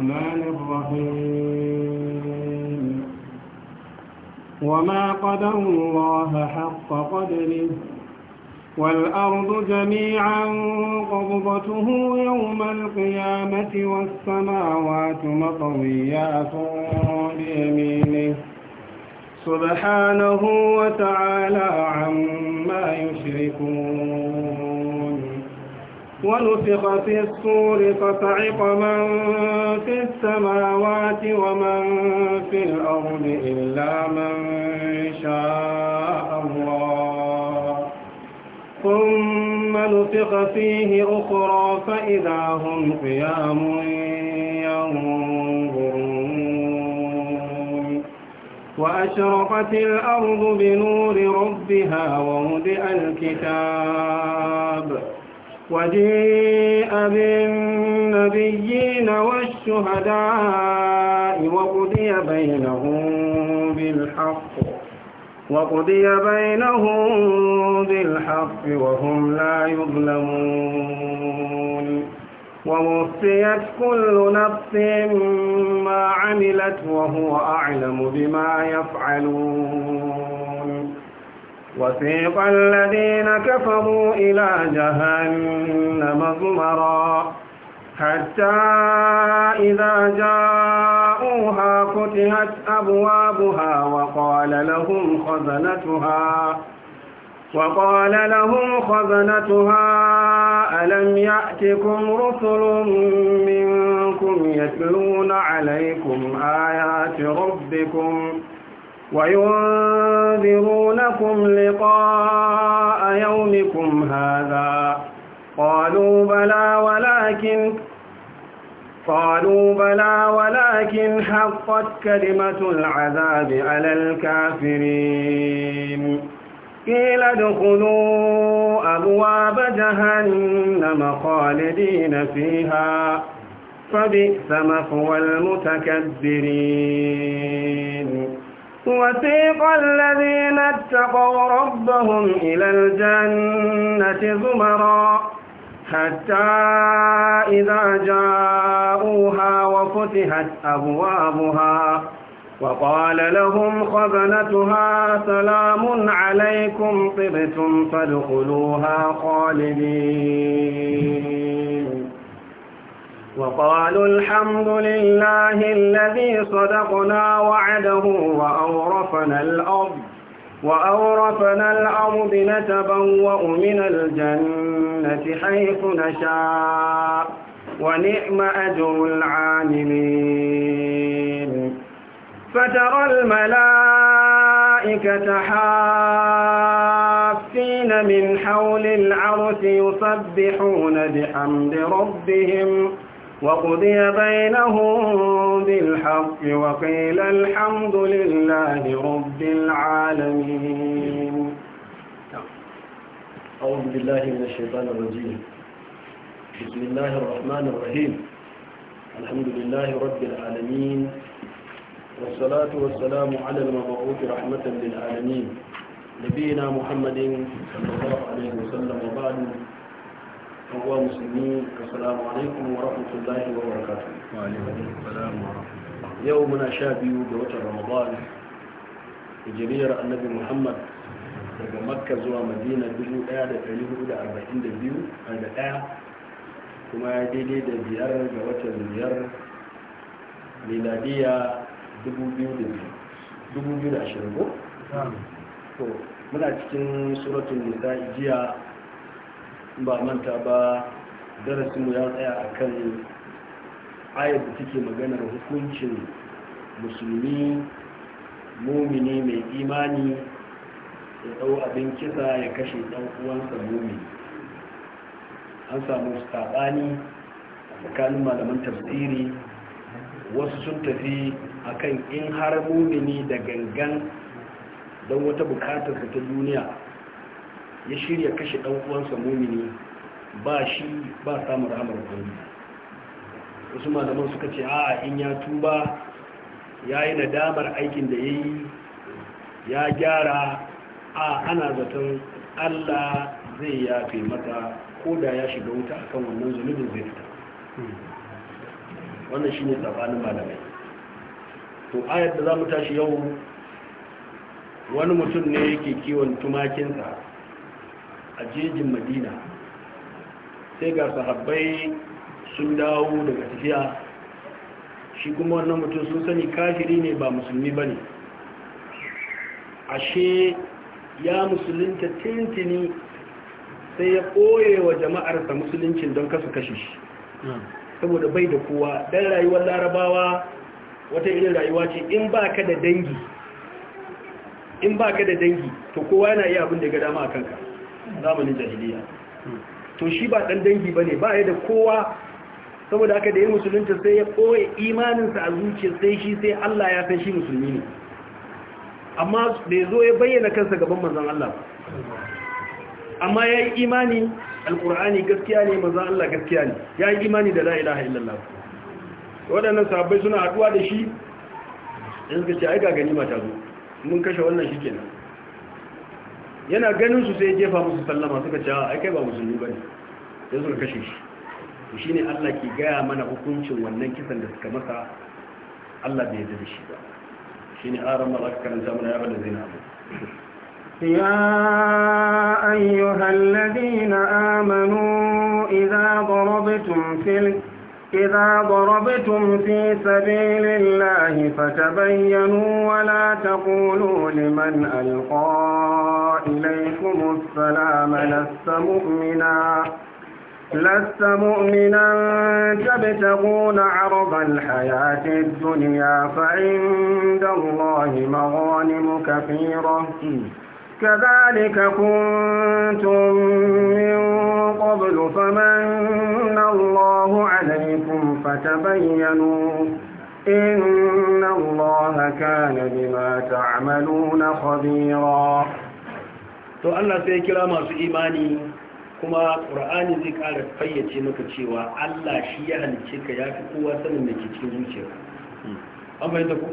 الرحمن الرحيم وما قدر الله حق قدره والأرض جميعا قبضته يوم القيامة والسماوات مطويات بيمينه سبحانه وتعالى عما يشركون ونفخ في الصور فصعق من في السماوات ومن في الأرض إلا من شاء الله ثم نفخ فيه أخرى فإذا هم قيام ينظرون وأشرقت الأرض بنور ربها ووضع الكتاب وجيء بالنبيين والشهداء وقضي بينهم بالحق وقضي بينهم بالحق وهم لا يظلمون ووفيت كل نفس ما عملت وهو أعلم بما يفعلون وسيق الذين كفروا إلى جهنم ظمرا حتى إذا جاءوها فتحت أبوابها وقال لهم خزنتها وقال لهم خزنتها ألم يأتكم رسل منكم يتلون عليكم آيات ربكم ؟ وينذرونكم لقاء يومكم هذا قالوا بلى ولكن قالوا بلى ولكن حقت كلمة العذاب على الكافرين قيل ادخلوا أبواب جهنم خالدين فيها فبئس مثوى المتكبرين وسيق الذين اتقوا ربهم إلى الجنة زمرا حتى إذا جاءوها وفتحت أبوابها وقال لهم خزنتها سلام عليكم طبتم فادخلوها خالدين وقالوا الحمد لله الذي صدقنا وعده وأورفنا الأرض وأورثنا الأرض نتبوأ من الجنة حيث نشاء ونعم أجر العاملين فترى الملائكة حافين من حول العرش يسبحون بحمد ربهم وقضي بينهم بالحق وقيل الحمد لله رب العالمين أعوذ بالله من الشيطان الرجيم بسم الله الرحمن الرحيم الحمد لله رب العالمين والصلاة والسلام على المبعوث رحمة للعالمين نبينا محمد صلى الله عليه وسلم وبعد uwa musulmi assalamu alaikum wa rahmatullahi wa barakatuh wa alaikum assalam wa rahmatullahi yau muna sha biyu ga watan ramadan hijiriyar annabi muhammad daga makka zuwa madina 1442 da daya kuma ya daidai da biyar ga watan biyar miladiya 2020 ko? muna cikin suratun nisa jiya ba manta ba mu ya tsaya a kan ayar da take maganar hukuncin musulmi mumini mai imani ya ɗau abin kisa ya kashe ɗan uwansa mumini an samu saɓani a tsakanin malaman tafsiri wasu sun tafi akan in har mumini da gangan don wata bukatar ta duniya ya shirya kashe ɗan uwansa mumini ba shi ba samun rahamar gani wasu malaman suka ce a in ya tuba ya yi nadamar aikin da ya yi ya gyara a ana zaton allah zai yafe mata ko da ya shiga wuta akan wannan zunubin zai fita wannan shi ne tsabanin malamai to ayar da za mu tashi yau wani mutum ne yake kiwon tumakinsa a jejin madina sai ga sahabbai sun dawo daga tafiya shi kuma wannan mutum sun sani kafiri ne ba musulmi ba ne ashe ya musulunta tintini sai ya ɓoye wa jama'arsa musuluncin don kasu kashe shi saboda bai da kowa don rayuwar larabawa wata irin rayuwa ce in ba ka da dangi in ba ka da dangi to kowa yana iya abin da ga dama a kanka zamanin jahiliya to shi ba dan dangi bane ba ya da kowa saboda aka da yin musulunci sai ya koye imaninsa a zuciya sai shi sai Allah ya san shi musulmi ne amma bai zo ya bayyana kansa gaban manzon Allah amma ya yi imani alkur'ani gaskiya ne manzon Allah gaskiya ne ya yi imani da la ilaha illallah waɗannan sahabbai suna haɗuwa da shi da suka ce ai ga gani mata zo mun kashe wannan shikenan yana ganin su sai jefa musu sallama suka ce ai kai ba musulmi bane sai suka kashe shi to shine Allah ke gaya mana hukuncin wannan kisan da suka masa Allah bai yarda da shi ba shine aran malaka karanta mana ya bada zina abu يا أيها الذين آمنوا إذا ضربتم في إذا ضربتم في سبيل الله فتبينوا ولا تقولوا لمن ألقى إليكم السلام لست مؤمنا لست مؤمنا تبتغون عرض الحياة الدنيا فعند الله مغانم كثيرة كذلك كنتم من قبل فمن الله عليكم فتبينوا إن الله كان بما تعملون خبيرا to Allah sai kira masu imani kuma Qur'ani zai ƙara fayyace maka cewa Allah shi ya halicce ka ya fi kowa sanin da ke cikin zuciyarka an fahimta ku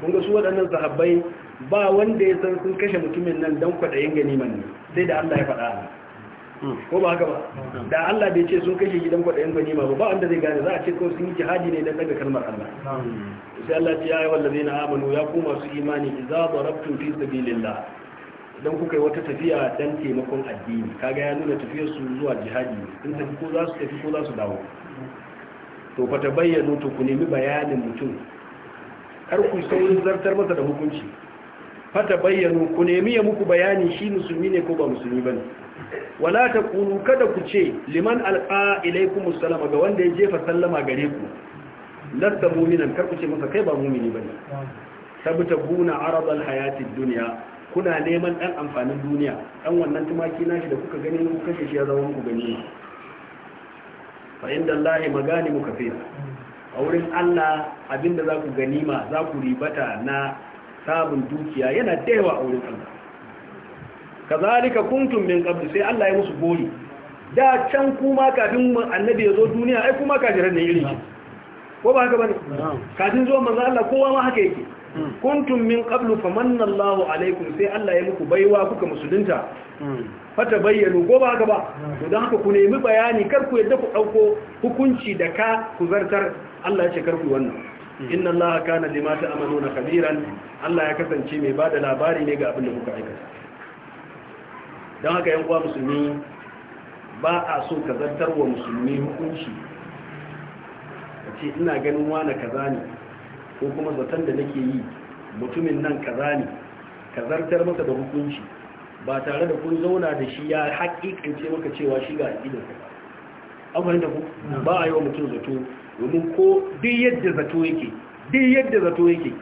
kun ga su waɗannan sahabbai ba wanda ya san sun kashe mutumin nan don kwaɗayin ganiman ne sai da Allah ya faɗa ko ba haka ba da Allah bai ce sun kashe gidan kwaɗayin ganima ba ba wanda zai gane za a ce ko sun yi jihadi ne don daga kalmar Allah sai Allah ce ya yi wallazi na amanu ya koma su imani idza darabtum fi sabilillah don kuka yi wata tafiya don taimakon addini kaga ya nuna tafiyar su zuwa jihadi sun tafi ko za su tafi ko za su dawo to fa bayyana to ku nemi bayanin mutum kar ku saurin zartar masa da hukunci fata bayyano ku nemi ya muku bayani shi musulmi ne ko ba musulmi bane wala ta kunu kada ku ce liman alqa ilaykum assalama ga wanda ya jefa sallama gare ku lasta mu'minan kar ku ce masa kai ba mu'mini bane sabta buna arad alhayati dunya kuna neman dan amfanin duniya dan wannan tumaki nashi da kuka gani kuka kashe shi ya zama muku gani fa inda Allah magani muka fira a wurin Allah abinda za ku ganima za ku ribata na sabon dukiya yana daewa a wurin Allah kazalika kuntum min qabl sai Allah ya musu gori da can kuma kafin annabi ya zo duniya ai kuma kafiran ne irin ko ba haka bane kafin zo manzo Allah kowa ma haka yake kuntum min qablu famanna Allahu alaikum sai Allah ya muku baiwa kuka musulunta fata bayyano goba gaba to dan haka ku nemi bayani kar ku yadda ku dauko hukunci da ka ku zartar Allah ya ce kar ku wannan inna Allah kana lima ta'maluna khabiran Allah ya kasance mai bada labari ne ga abin da kuka aikata dan haka yan uwa musulmi ba a so ka zartar wa musulmi hukunci ce ina ganin wani kaza ne ko kuma zaton da nake yi mutumin nan kaza ne ka zartar maka da hukunci ba tare da kun zauna da shi ya haƙiƙance maka cewa shi ga aƙidar ka an da ku ba a yi wa mutum zato domin ko duk yadda zato yake duk yadda zato yake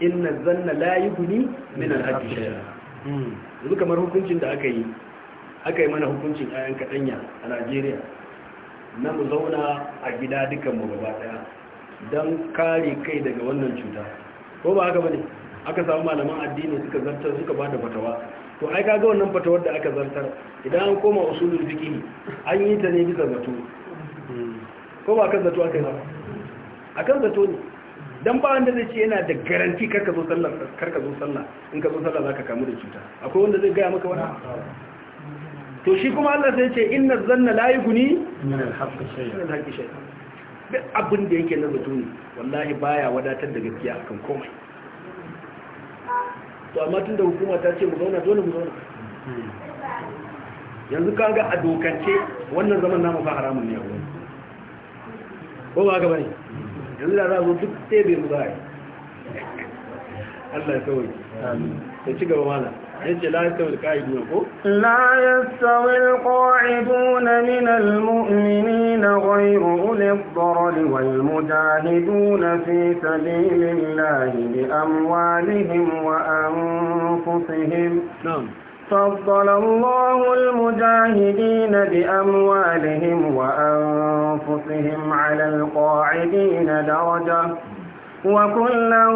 inna zanna la yughni min al-haqqi shay'a hmm. yanzu kamar hukuncin da aka yi aka yi mana hukuncin ayan kaɗanya a Najeriya na mu zauna a gida dukan mu gaba ɗaya don kare kai daga wannan cuta ko ba haka ba ne aka samu malaman addini suka zartar suka bada fatawa to ai kaga wannan fatawar da aka zartar idan an koma usulul fiqh an yi ta ne bisa zato ko ba kan zato aka yi ba akan zato ne dan ba wanda zai ce yana da garanti karka zo sallah karka zo sallah in ka zo sallah zaka kamu da cuta akwai wanda zai gaya maka wani to shi kuma Allah sai ya ce inna zanna la yughni min al-haqqi shay'a duk abin da yake na zato wallahi baya wadatar da gaskiya akan komai to amma tun da hukuma ta ce mu zauna dole mu zauna yanzu kaga a dokance wannan zaman namu fa haramun ne a ko ba gaba ne yanzu da za a zo duk tebe mu za a yi Allah ya kawai ya ci gaba mana لا يستوي القاعدون من المؤمنين غير أولي الضرر والمجاهدون في سبيل الله بأموالهم وأنفسهم نعم. فضل الله المجاهدين بأموالهم وأنفسهم على القاعدين درجة وكلا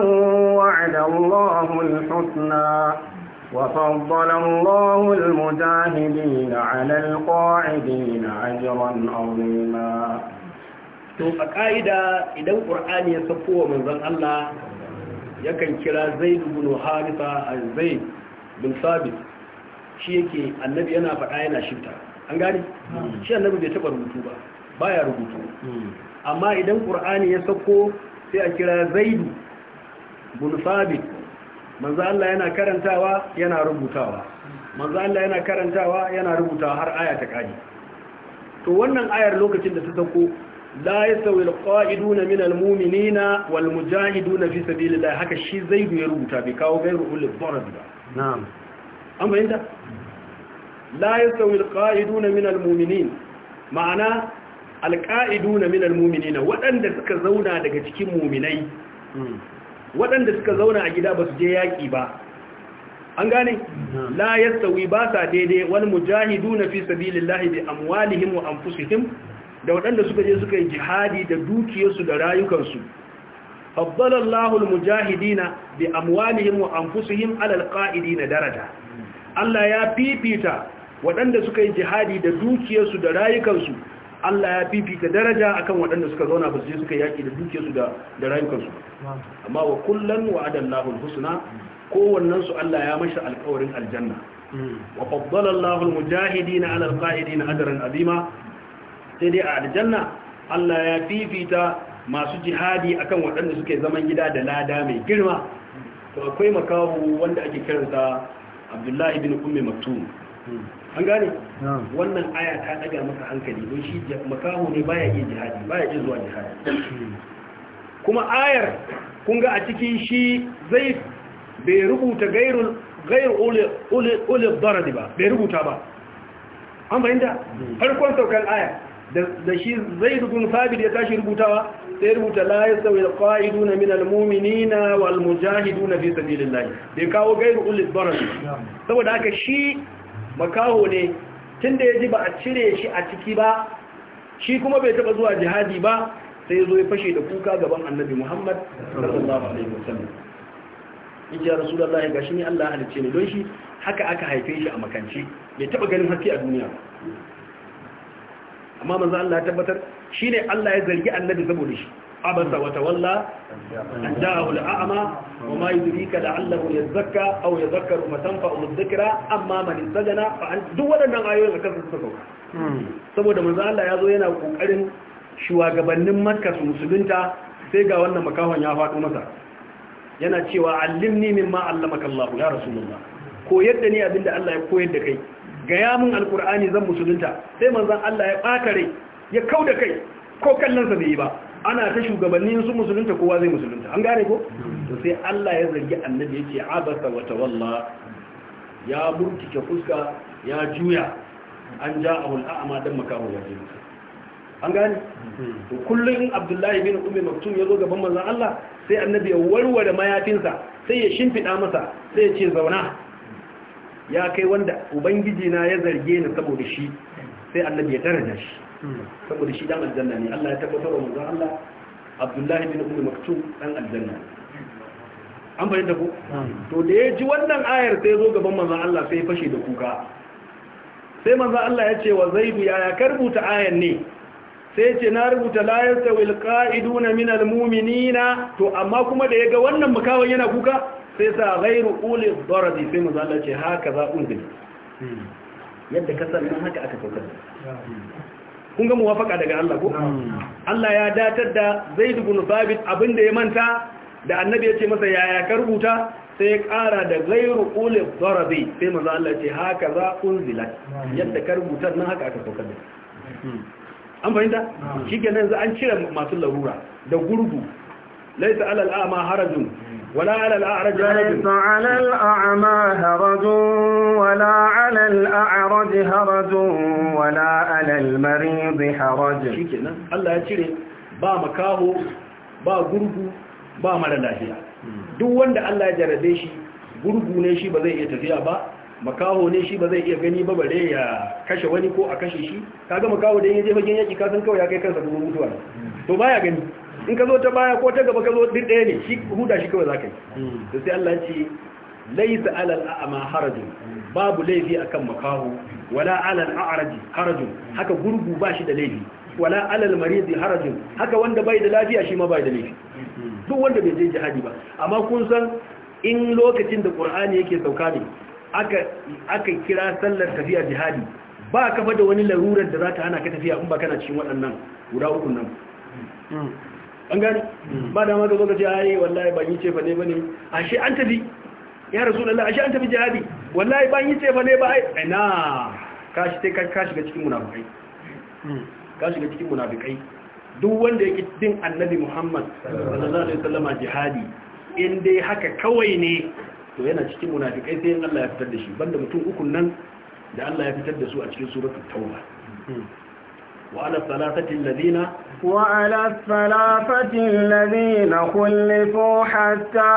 وعد الله الحسنى وفضل الله المجاهدين على القاعدين أجرا عظيما to a ƙa'ida idan ƙur'ani ya safo wa manzan Allah kan kira zai bin harisa a zai bin sabit shi yake annabi yana faɗa yana shifta an gani shi annabi bai taɓa rubutu ba baya rubutu hmm. amma idan ƙur'ani ya safo sai a kira zai bin sabit manzo Allah yana karantawa yana rubutawa manzo Allah yana karantawa yana rubutawa har aya ta kare to wannan ayar lokacin da ta sako la yasawi alqa'iduna min almu'minina walmujahiduna fi sabilillah haka shi zai ya rubuta bai kawo gairu ulul darad ba na'am an bayyana la yasawi alqa'iduna min almu'minin ma'ana alqa'iduna min almu'minina waɗanda suka zauna daga cikin mu'minai hmm. waɗanda suka zauna a gida ba su je yaƙi ba an gane hmm. la yastawi ba sa daidai wal mujahiduna fi sabilillahi bi amwalihim wa anfusihim da waɗanda suka je suka yi jihadi da dukiyarsu da rayukansu faddalallahu mujahidina bi amwalihim wa anfusihim ala alqa'idina daraja hmm. Allah ya fifita waɗanda suka yi jihadi da dukiyarsu da rayukansu Allah ya fifita daraja akan waɗanda suka zauna ba su je suka yaki da dukiyarsu da da rayukansu amma wa kullan wa'adallahu alhusna kowannen su Allah ya mashi alƙawarin aljanna hmm. wa faddala Allahu almujahidina ala alqa'idina ajran azima sai dai a aljanna Allah ya fifita masu jihadi akan waɗanda suke zaman gida da lada mai girma to akwai makahu wanda ake kiransa Abdullahi bin Ummi Maktum an gane wannan aya ta daga maka hankali don shi makaho ne baya iya jihadi baya iya zuwa jihadi kuma ayar kun ga a cikin shi zai bai rubuta gairar olive ulil ba bai rubuta ba an fahimta hmm. farkon saukar aya da shi zai dukun sabid ya tashi rubutawa sai rubuta na yasawi mumini na walmujahidu na fi sabilillah bai kawo gairar olive daradi saboda haka shi makaho ne tun da ya ji ba a cire shi a ciki ba shi kuma bai taba zuwa jihadi ba sai ya zo ya fashe da kuka gaban annabi muhammad sallallahu alaihi wasallam in ji rasulullahi ne Allah halice ne don shi haka aka haife shi a makanci. bai taba ganin haske a duniya amma manzo Allah ya tabbatar shi ne Allah ya zargi annabi saboda shi عبس وتولى أن جاءه الأعمى وما يدريك لعله يزكى أو يذكر فتنفعه الذكرى أما an استجنى فأن دولا من آيوه ذكر السكوك saboda manzo Allah ya zo yana kokarin shugabannin Makka su musulunta sai ga wannan makahon ya faɗo masa yana cewa allimni mimma allamaka Allah ya rasulullah koyar da ni abinda Allah ya koyar da kai gaya yamin alqur'ani zan musulunta sai manzon Allah ya bata rai ya kauda kai ko kallon sa bai yi ba ana ta shugabannin su musulunta kowa zai musulunta an gane ko to sai Allah ya zargi annabi yace abasa wa tawalla ya murtike fuska ya juya an ja'ahu a'ma dan makahu ya ji an gane to kullun Abdullahi bin Ummi Maktum yazo gaban manzon Allah sai annabi ya warware mayafinsa sai ya shimfida masa sai ya ce zauna ya kai wanda ubangiji na ya zarge ni saboda shi sai annabi ya daraja shi saboda shi dan aljanna ne Allah ya tabbatar wa manzon Allah Abdullahi bin Ummu Maktum dan aljanna an bayyana da ku to da ya ji wannan ayar sai zo gaban manzon Allah sai ya fashe da kuka sai manzon Allah ya ce wa Zaid yaya ka rubuta ayar ne sai ce na rubuta la yastawil qa'iduna min mu'minina to amma kuma da ya ga wannan mukawan yana kuka sai sa ghairu uli dharadi sai manzon Allah ce haka za unzil hmm. yadda ka san haka aka saukar hmm. kun ga muwafaka daga Allah ko Allah ya datar da Zaid ibn Thabit abinda ya manta da annabi ya ce masa yaya ka rubuta sai ya ƙara da gairu qul zarabi sai manzo Allah ce haka za unzilat yadda ka rubuta nan haka aka saukar da hmm. an fahimta shi ke nan za an cire masu larura da gurgu laisa alal a'ma harajun ولا على الأعرج ليس على الأعمى هرج ولا على الأعرج هرج ولا على المريض هرج الله يتشري با مكاهو با غربو با مرة لاهية duk wanda Allah ya jarabe shi gurgu ne shi ba zai iya tafiya ba makaho ne shi ba zai iya gani ba bare ya kashe wani ko a kashe shi kaga makaho da yaje fagen yaki kasan kawai ya kai kansa gurgutuwa to baya gani in ka zo ta baya ko ta gaba ka zo din ɗaya ne shi huda shi kawai zaka yi hmm. to sai Allah ce laysa alal a'ma harajun babu laifi akan makahu wala alal a'raji harajun haka gurgu ba shi da laifi wala alal maridi harajun haka wanda bai da lafiya shi ma bai da laifi hmm. duk wanda bai je jihadi ba amma kun san in lokacin da qur'ani yake sauka ne aka aka kira sallar tafiya jihadi ba ka da wani larurar da za ta hana ka tafiya in ba kana cikin waɗannan guda uku nan hmm. an gani hmm. ba da ma ka zo ka ce ai wallahi ban yi cefa ne ba ne, ashe an tafi ya rasulullahi ashe an tafi jihadi wallahi ban yi cefa ne ba ai ina ka shi ka shiga cikin munafikai hmm. ka shiga cikin munafikai duk wanda yake din annabi Muhammad sallallahu alaihi wasallam jihadi in dai haka kawai ne to yana cikin munafikai sai Allah ya fitar da shi banda mutum ukun nan da Allah ya fitar da su a cikin suratul tauba hmm. وعلى الثلاثة الذين وعلى الثلاثة الذين خلفوا حتى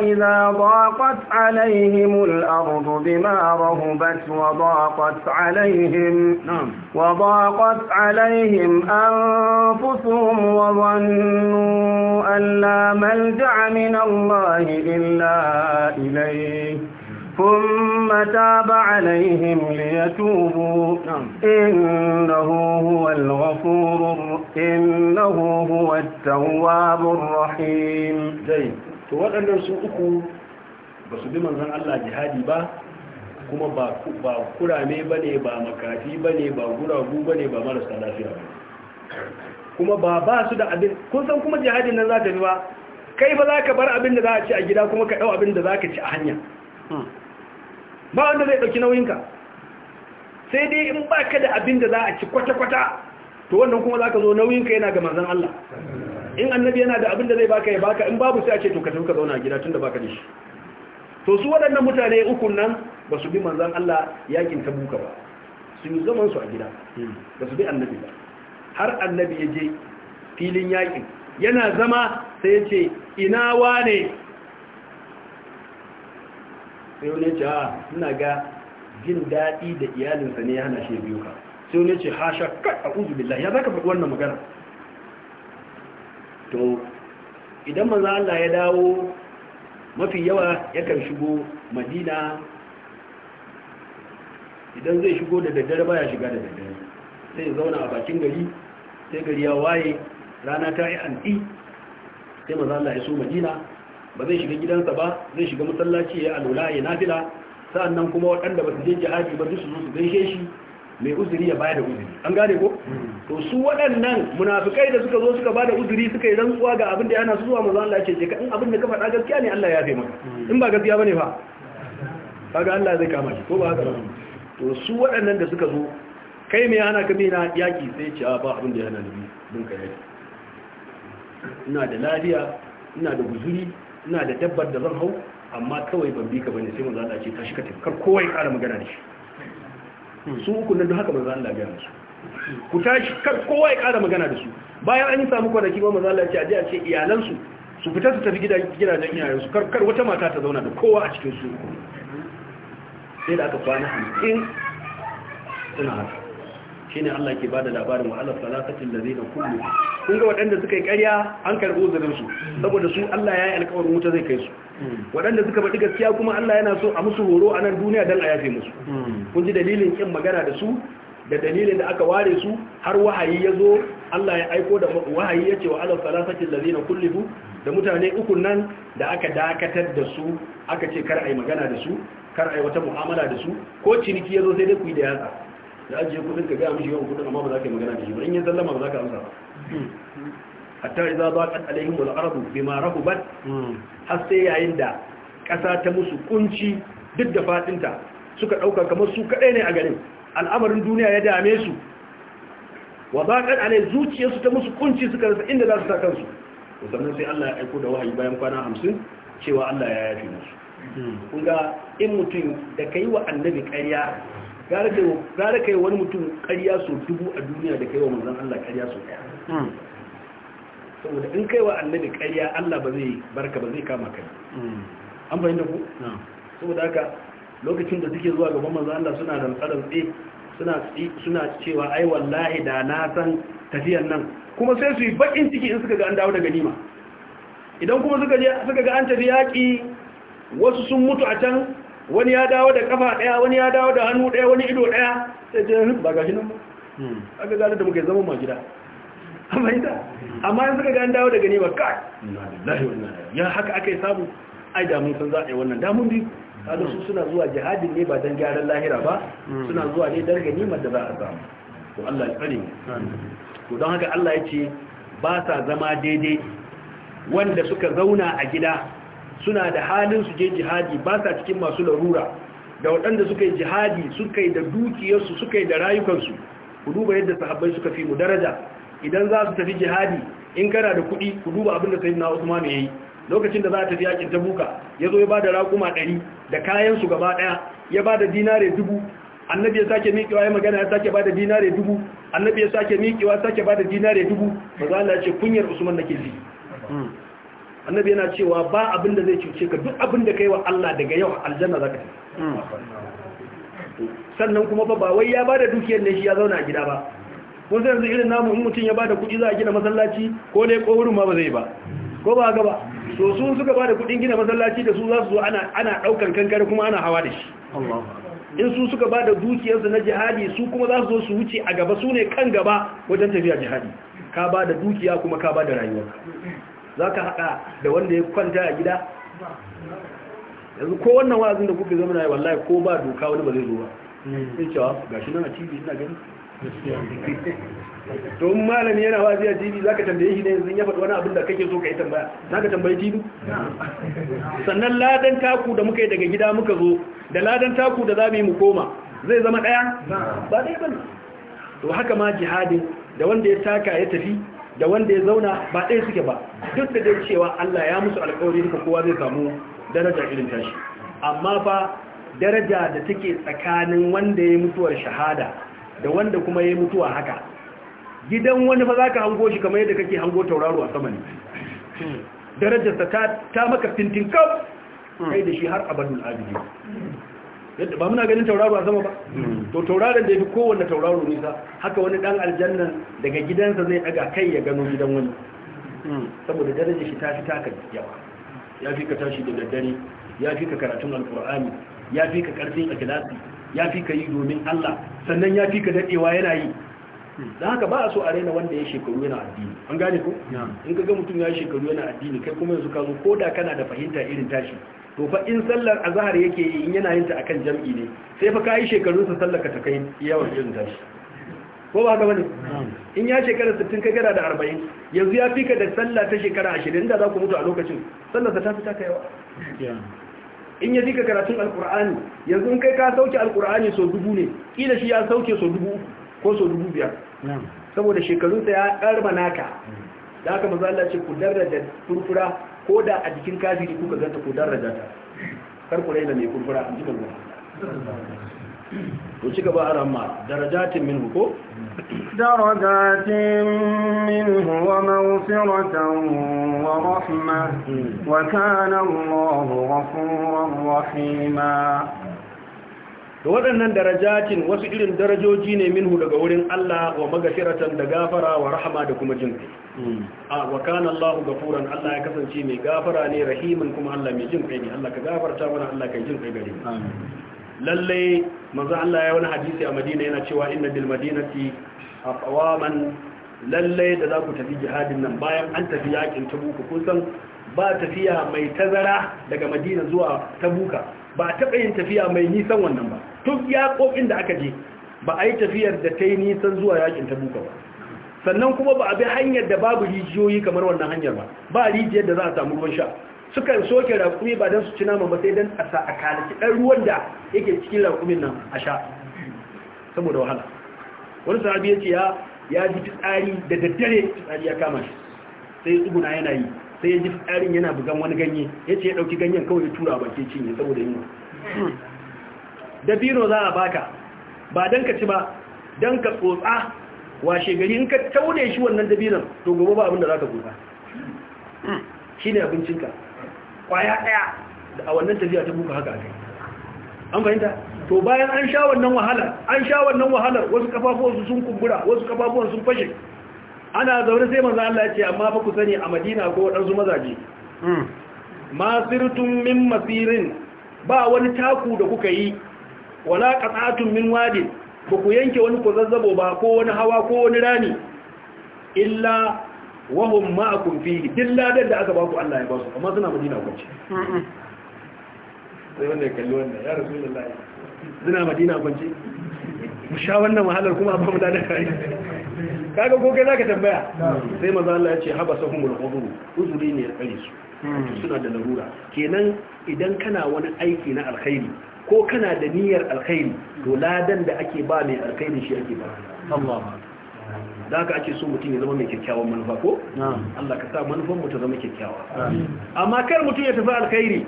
إذا ضاقت عليهم الأرض بما رهبت وضاقت عليهم نعم وضاقت عليهم أنفسهم وظنوا أن لا ملجأ من الله إلا إليه ثم تاب عليهم ليتوبوا إنه هو الغفور إنه هو التواب الرحيم جاي to waɗannan su uku ba su bi manzan Allah jihadi ba kuma ba kurame ba ne ba makafi ba ne ba guragu ba ne ba marasa lafiya kun san kuma jihadin nan za ta bi ba kai ba za ka bar abin da za a ci a gida kuma ka ɗau abin da za ka ci a hanya ba wanda zai ɗauki nauyinka sai dai in ba ka da abin da za a ci kwata-kwata to wannan kuma za ka zo nauyinka yana ga manzan Allah in annabi yana da abin da zai baka ya baka in babu sai a ce to ka tafi ka zauna a gida tun da baka da shi to su waɗannan mutane uku nan ba su bi manzan Allah yakin ta buka ba su yi zaman su a gida ba su bi annabi ba har annabi ya je filin yakin yana zama sai ya ce ina wane sai wani ce a ah, suna ga jin daɗi da iyalinsa ne ya hana shi biyu ka sai wani ce sha kai a uzu billah ya zaka faɗi wannan magana to idan maza Allah ya dawo mafi yawa yakan shigo madina idan zai shigo da daddare baya shiga da daddare sai zauna a bakin gari sai gari ya waye rana ta yi an'i sai maza Allah ya so madina ba zai shiga gidansa ba zai shiga masallaci ya alula ya nafila sa'annan kuma waɗanda ba su je jihadi ba duk su zo su gaishe shi mai uzuri ya da uzuri an gane ko hmm. to su waɗannan munafikai da suka zo suka ba da uzuri suka yi rantsuwa ga abin da yana su zuwa manzo Allah ya ce je ka in abin da ka faɗa gaskiya ne Allah ya yafe maka hmm. in ba gaskiya bane fa kaga Allah zai kama shi ko ba haka ba hmm. to su waɗannan da suka zo kai me yana kame na yaki sai ce ba abin da yana nabi dun kai yaki ina da lafiya ina da guzuri ina da dabbar da zan hau amma kawai ban bi ka bane sai manzo Allah ce ka tafi kar tafkar kowai kara magana da shi su uku nan duk haka manzo Allah ya musu ku tashi kar kowai kara magana da su bayan an samu kwanaki ba manzo Allah ya ce aje a ce iyalan su su fita su tafi gidajen iyayen su kar kar wata mata ta zauna da kowa a cikin su sai da aka kwana 50 suna haka shine Allah ke bada labarin wa Allah salatatul ladina kullu kun ga waɗanda suka yi ƙarya an karbo uzurin su saboda su Allah ya yi alƙawarin wuta zai kai su waɗanda suka faɗi gaskiya kuma Allah yana so a musu horo a nan duniya dan a yafe musu kun ji dalilin kin magana da su da dalilin da aka ware su har wahayi ya zo Allah ya aiko da wahayi ya ce wa Allah salatatul ladina kullu da mutane uku nan da aka dakatar da su aka ce kar ai magana da su kar ai wata mu'amala da su ko ciniki ya zo sai dai ku yi da yatsa da ajiye kudin ka ga mishi yawan kudin amma ba za ka yi magana da shi ba in yi zallama ba za ka amsa hatta ba daqat alaihim wal ardu bima rahubat har sai yayin da kasa ta musu kunci duk da fadinta suka dauka kamar su kadai ne a garin al'amarin duniya ya dame su wa daqat alai zuciyarsu ta musu kunci suka rasa inda za su sa kansu sannan sai Allah ya aiko da wahayi bayan kwana 50 cewa Allah ya yafi musu kun ga in mutum da kai wa annabi ƙarya gara kai wani mutum ƙarya so dubu a duniya da kai wa manzan Allah ƙarya so ɗaya hmm. saboda in kai wa annabi ƙarya Allah ba zai barka ba zai kama kai hmm. an fahimta ku hmm. saboda haka lokacin da suke zuwa gaban manzan Allah suna da tsaye suna cewa ai wallahi da na san tafiyan nan kuma sai su yi baƙin ciki in suka ga an dawo daga nima idan kuma suka ga an tafi yaƙi wasu sun mutu a can wani ya dawo da kafa daya wani ya dawo da hannu daya wani ido daya sai ce hmm, ba ga shinan ba ga hmm. gane da muke zama ma gida amma ita amma yanzu ka gane dawo da gani ba kai ya haka aka yi samu ai da mun san za a yi wannan damun bi kaga su suna zuwa jihadin ne ba don gyaran lahira ba hmm. suna zuwa ne don gani da za a samu to Allah ya tsare to don haka Allah ya ce ba sa zama daidai wanda suka zauna a gida suna da halin su je jihadi ba sa cikin masu larura da waɗanda suka yi jihadi suka yi da dukiyarsu suka yi da rayukansu ku duba yadda sahabbai suka fi mu daraja idan za su tafi jihadi in kana da kuɗi ku duba abin da sayyidina Usman yayi lokacin da za ta tafi yakin Tabuka yazo ya bada raƙuma 100 da kayan su gaba daya ya bada dinare 1000 annabi ya sake miƙewa ya magana ya sake bada dinare 1000 annabi ya sake miƙewa sake bada dinare 1000 maza Allah ya ce kunyar Usman nake ji hmm. annabi yana cewa ba abin da zai cuce ka duk abin da kai wa Allah daga yau aljanna zaka yi hmm. sannan kuma ba wai ya bada dukiyar ne shi ya zauna a gida ba ko sai yanzu irin namu in mutum ya bada kuɗi za a gina masallaci ko dai ko wurin ma ba zai ba ko ba gaba so su suka bada kuɗin gina masallaci da su za su zo ana ana daukar kankare kuma ana hawa da shi in su suka bada dukiyarsu na jihadi su kuma za su zo su wuce a gaba su ne kan gaba wajen tafiya jihadi ka ba da dukiya kuma ka bada rayuwa. za ka haka da wanda ya kwanta a gida yanzu ko wannan wazin da kuka zama na wallahi ko ba doka wani ba zai zo ba sai cewa ga shi nan a tv ina gani to malami yana wazi a tv ka tambaye shi ne yanzu ya faɗi wani abin da kake so ka yi tambaya za ka tambaye tv sannan ladan taku da muka yi daga gida muka zo da ladan taku da za mu yi mu koma zai zama ɗaya? ba dai bane to haka ma jihadin da wanda ya taka ya tafi da wanda ya zauna ba ɗaya suke ba duk da dai cewa Allah ya musu alƙawari duka kowa zai samu daraja irin tashi amma fa daraja da take tsakanin wanda ya mutuwar shahada da wanda kuma ya mutuwa haka gidan wani fa ka hango shi kamar yadda kake hango tauraro a sama ne darajarsa ta ta maka fintin kaf kai da shi har abadul abidi yadda ba muna ganin tauraro a sama ba hmm. to tauraron da ya fi kowanne tauraro nisa haka wani dan aljannan daga gidansa zai daga kai ya gano gidan wani hmm. saboda darajar shi ta fi taka yawa ya fi ka tashi da daddare ya fi ka karatun alkur'ani ya fi ka karfin ikhlasi ya fi ka yi domin Allah sannan ya fi ka dadewa yana yi hmm. don haka ba a so a raina wanda ya shekaru yana addini an gane ko in ka ga mutum ya shekaru yana addini kai kuma yanzu ka zo ko da kana da fahimta irin tashi to fa in sallar azhar yake yi in yana yin ta akan jam'i ne sai fa kai shekarun sa sallar ka ta kai yawan irin shi ko ba ga bane in ya shekara 60 ka gara da 40 yanzu ya fika da sallah ta shekara 20 da za ku mutu a lokacin sallar ta fita ka yawa in ya fika karatun alqur'ani yanzu in kai ka sauke alqur'ani so dubu ne kila shi ya sauke so dubu ko so dubu biyar saboda shekarun sa ya karba naka mm. da haka manzo Allah ce ku darraja furfura ko da a jikin ne kuka ganta ko da ta kar ku raina mai kurfura a jikin gaba to cika ba aran ma darajatin minhu ko darajatin minhu wa mawfiratan wa rahma hmm. wa kana Allahu ghafuran rahima to waɗannan darajatin wasu irin darajoji ne minhu daga wurin Allah wa magafiratan da gafara wa rahama da kuma jinkai a wa kana gafuran Allah ya kasance mai gafara ne rahimin kuma Allah mai jin kai ne Allah ka gafarta mana Allah kai jin kai gare mu lalle manzo Allah ya wani hadisi a Madina yana cewa inna bil madinati aqwaman lalle da za ku tafi jihadin nan bayan an tafi yakin tabuka kun san ba tafiya mai tazara daga Madina zuwa tabuka ba taɓa yin tafiya mai nisan wannan ba duk yaƙoƙin da aka je ba a yi tafiyar da ta yi nisan zuwa yakin tabuka ba sannan kuma ba a bi hanyar da babu rijiyoyi kamar wannan hanyar ba ba rijiyar da za a samu ruwan sha sukan soke raƙumi ba don su ci nama ba sai don a sa a ɗan ruwan da yake cikin raƙumin nan a sha saboda wahala wani sahabi ya ce ya ji fitsari da daddare fitsari ya kama shi sai tsuguna yana yi sai ya ji fitsarin yana bugan wani ganye ya ce ya ɗauki ganyen kawai ya tura baki cinye saboda yunwa dabino za a baka ba don ka ci ba don ka tsotsa washe gari in ka taune shi wannan dabinan to gobe ba abin da za ka goba shi ne abincinka kwaya ɗaya da a wannan tafiya ta buka haka kai an fahimta to bayan an sha wannan wahalar an sha wannan wahalar wasu kafafuwansu sun kumbura wasu kafafuwan sun fashe ana zaune sai manzo Allah ya ce amma fa ku sani a Madina ko wadansu mazaje sirtum min masirin ba wani taku da kuka yi wala qat'atun min wadin ba ku yanke wani kwazazzabo ba ko wani hawa ko wani rani illa wahum ma'akum fihi duk ladan da aka ba ku Allah ya ba su amma suna madina kwanci sai wanda ya kalli wannan ya rasulullahi suna madina kwanci mu sha wannan wahalar kuma ba mu da kai kaga ko kai zaka tambaya sai manzo Allah ya ce habasahumul huduru uzuri ne ya kare su mm. suna da larura kenan idan kana wani aiki na alkhairi ko kana da niyyar alkhairi to ladan da ake ba mai alkhairi shi ake ba Allah da haka ake so mutum ya zama mai kyakkyawan manufa ko Allah ka sa manufan mu ta zama kyakkyawa amma kar mutum ya tafi alkhairi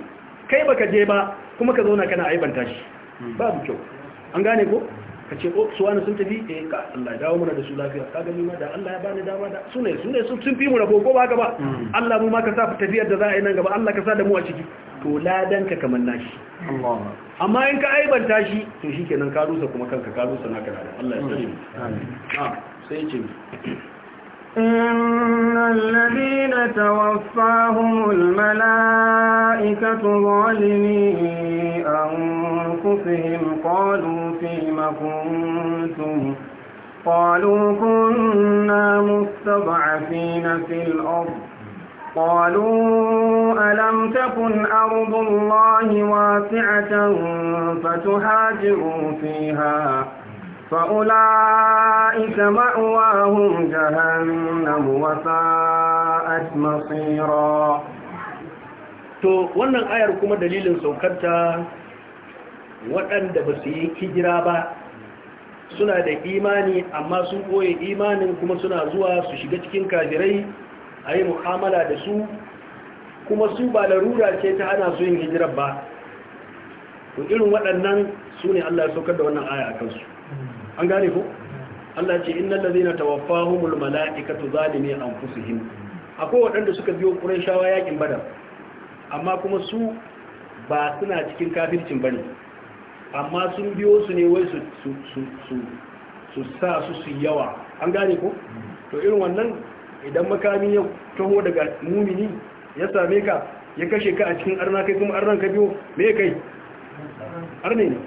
kai baka je ba kuma ka zauna kana aibanta shi hmm. babu kyau an gane ko ka ce o oh, su wani sun tafi eh ka Allah ya dawo mana da su lafiya ka gani ma da Allah ya bani dama da su ne su ne sun fi mu rabo ko ba ka ba mm. Allah mu ma ka sa tafiyar da za a yi nan gaba Allah ka sa da mu a ciki to ladan ka kaman nashi amma in ka aibanta shi to shikenan ka rusa kuma kanka ka rusa naka da Allah ya tsare mu sai ce إن الذين توفاهم الملائكة ظالمي أنفسهم قالوا فيم كنتم قالوا كنا مستضعفين في الأرض قالوا ألم تكن أرض الله واسعة فتهاجروا فيها فأولئك مأواهم جهنم وساءت مصيرا to wannan ayar kuma dalilin saukarta waɗanda ba su yi hijira ba suna da imani amma sun ɓoye imanin kuma suna zuwa su shiga cikin kafirai a yi mu'amala da su kuma su ba larura ce ta ana su yin hijirar ba to irin waɗannan su ne allah ya saukar da wannan aya a kansu an gane ko Allah ce innal ladina tawaffahumul malaikatu zalimi anfusihim akwai waɗanda suka biyo qurayshawa yakin badar amma kuma su ba suna cikin kafircin bane amma sun biyo su ne wai su su su su sa su su yawa an gane ko to irin wannan idan makami ya taho daga mumini ya same ka ya kashe ka a cikin arna kai kuma arnan ka biyo me kai arne ne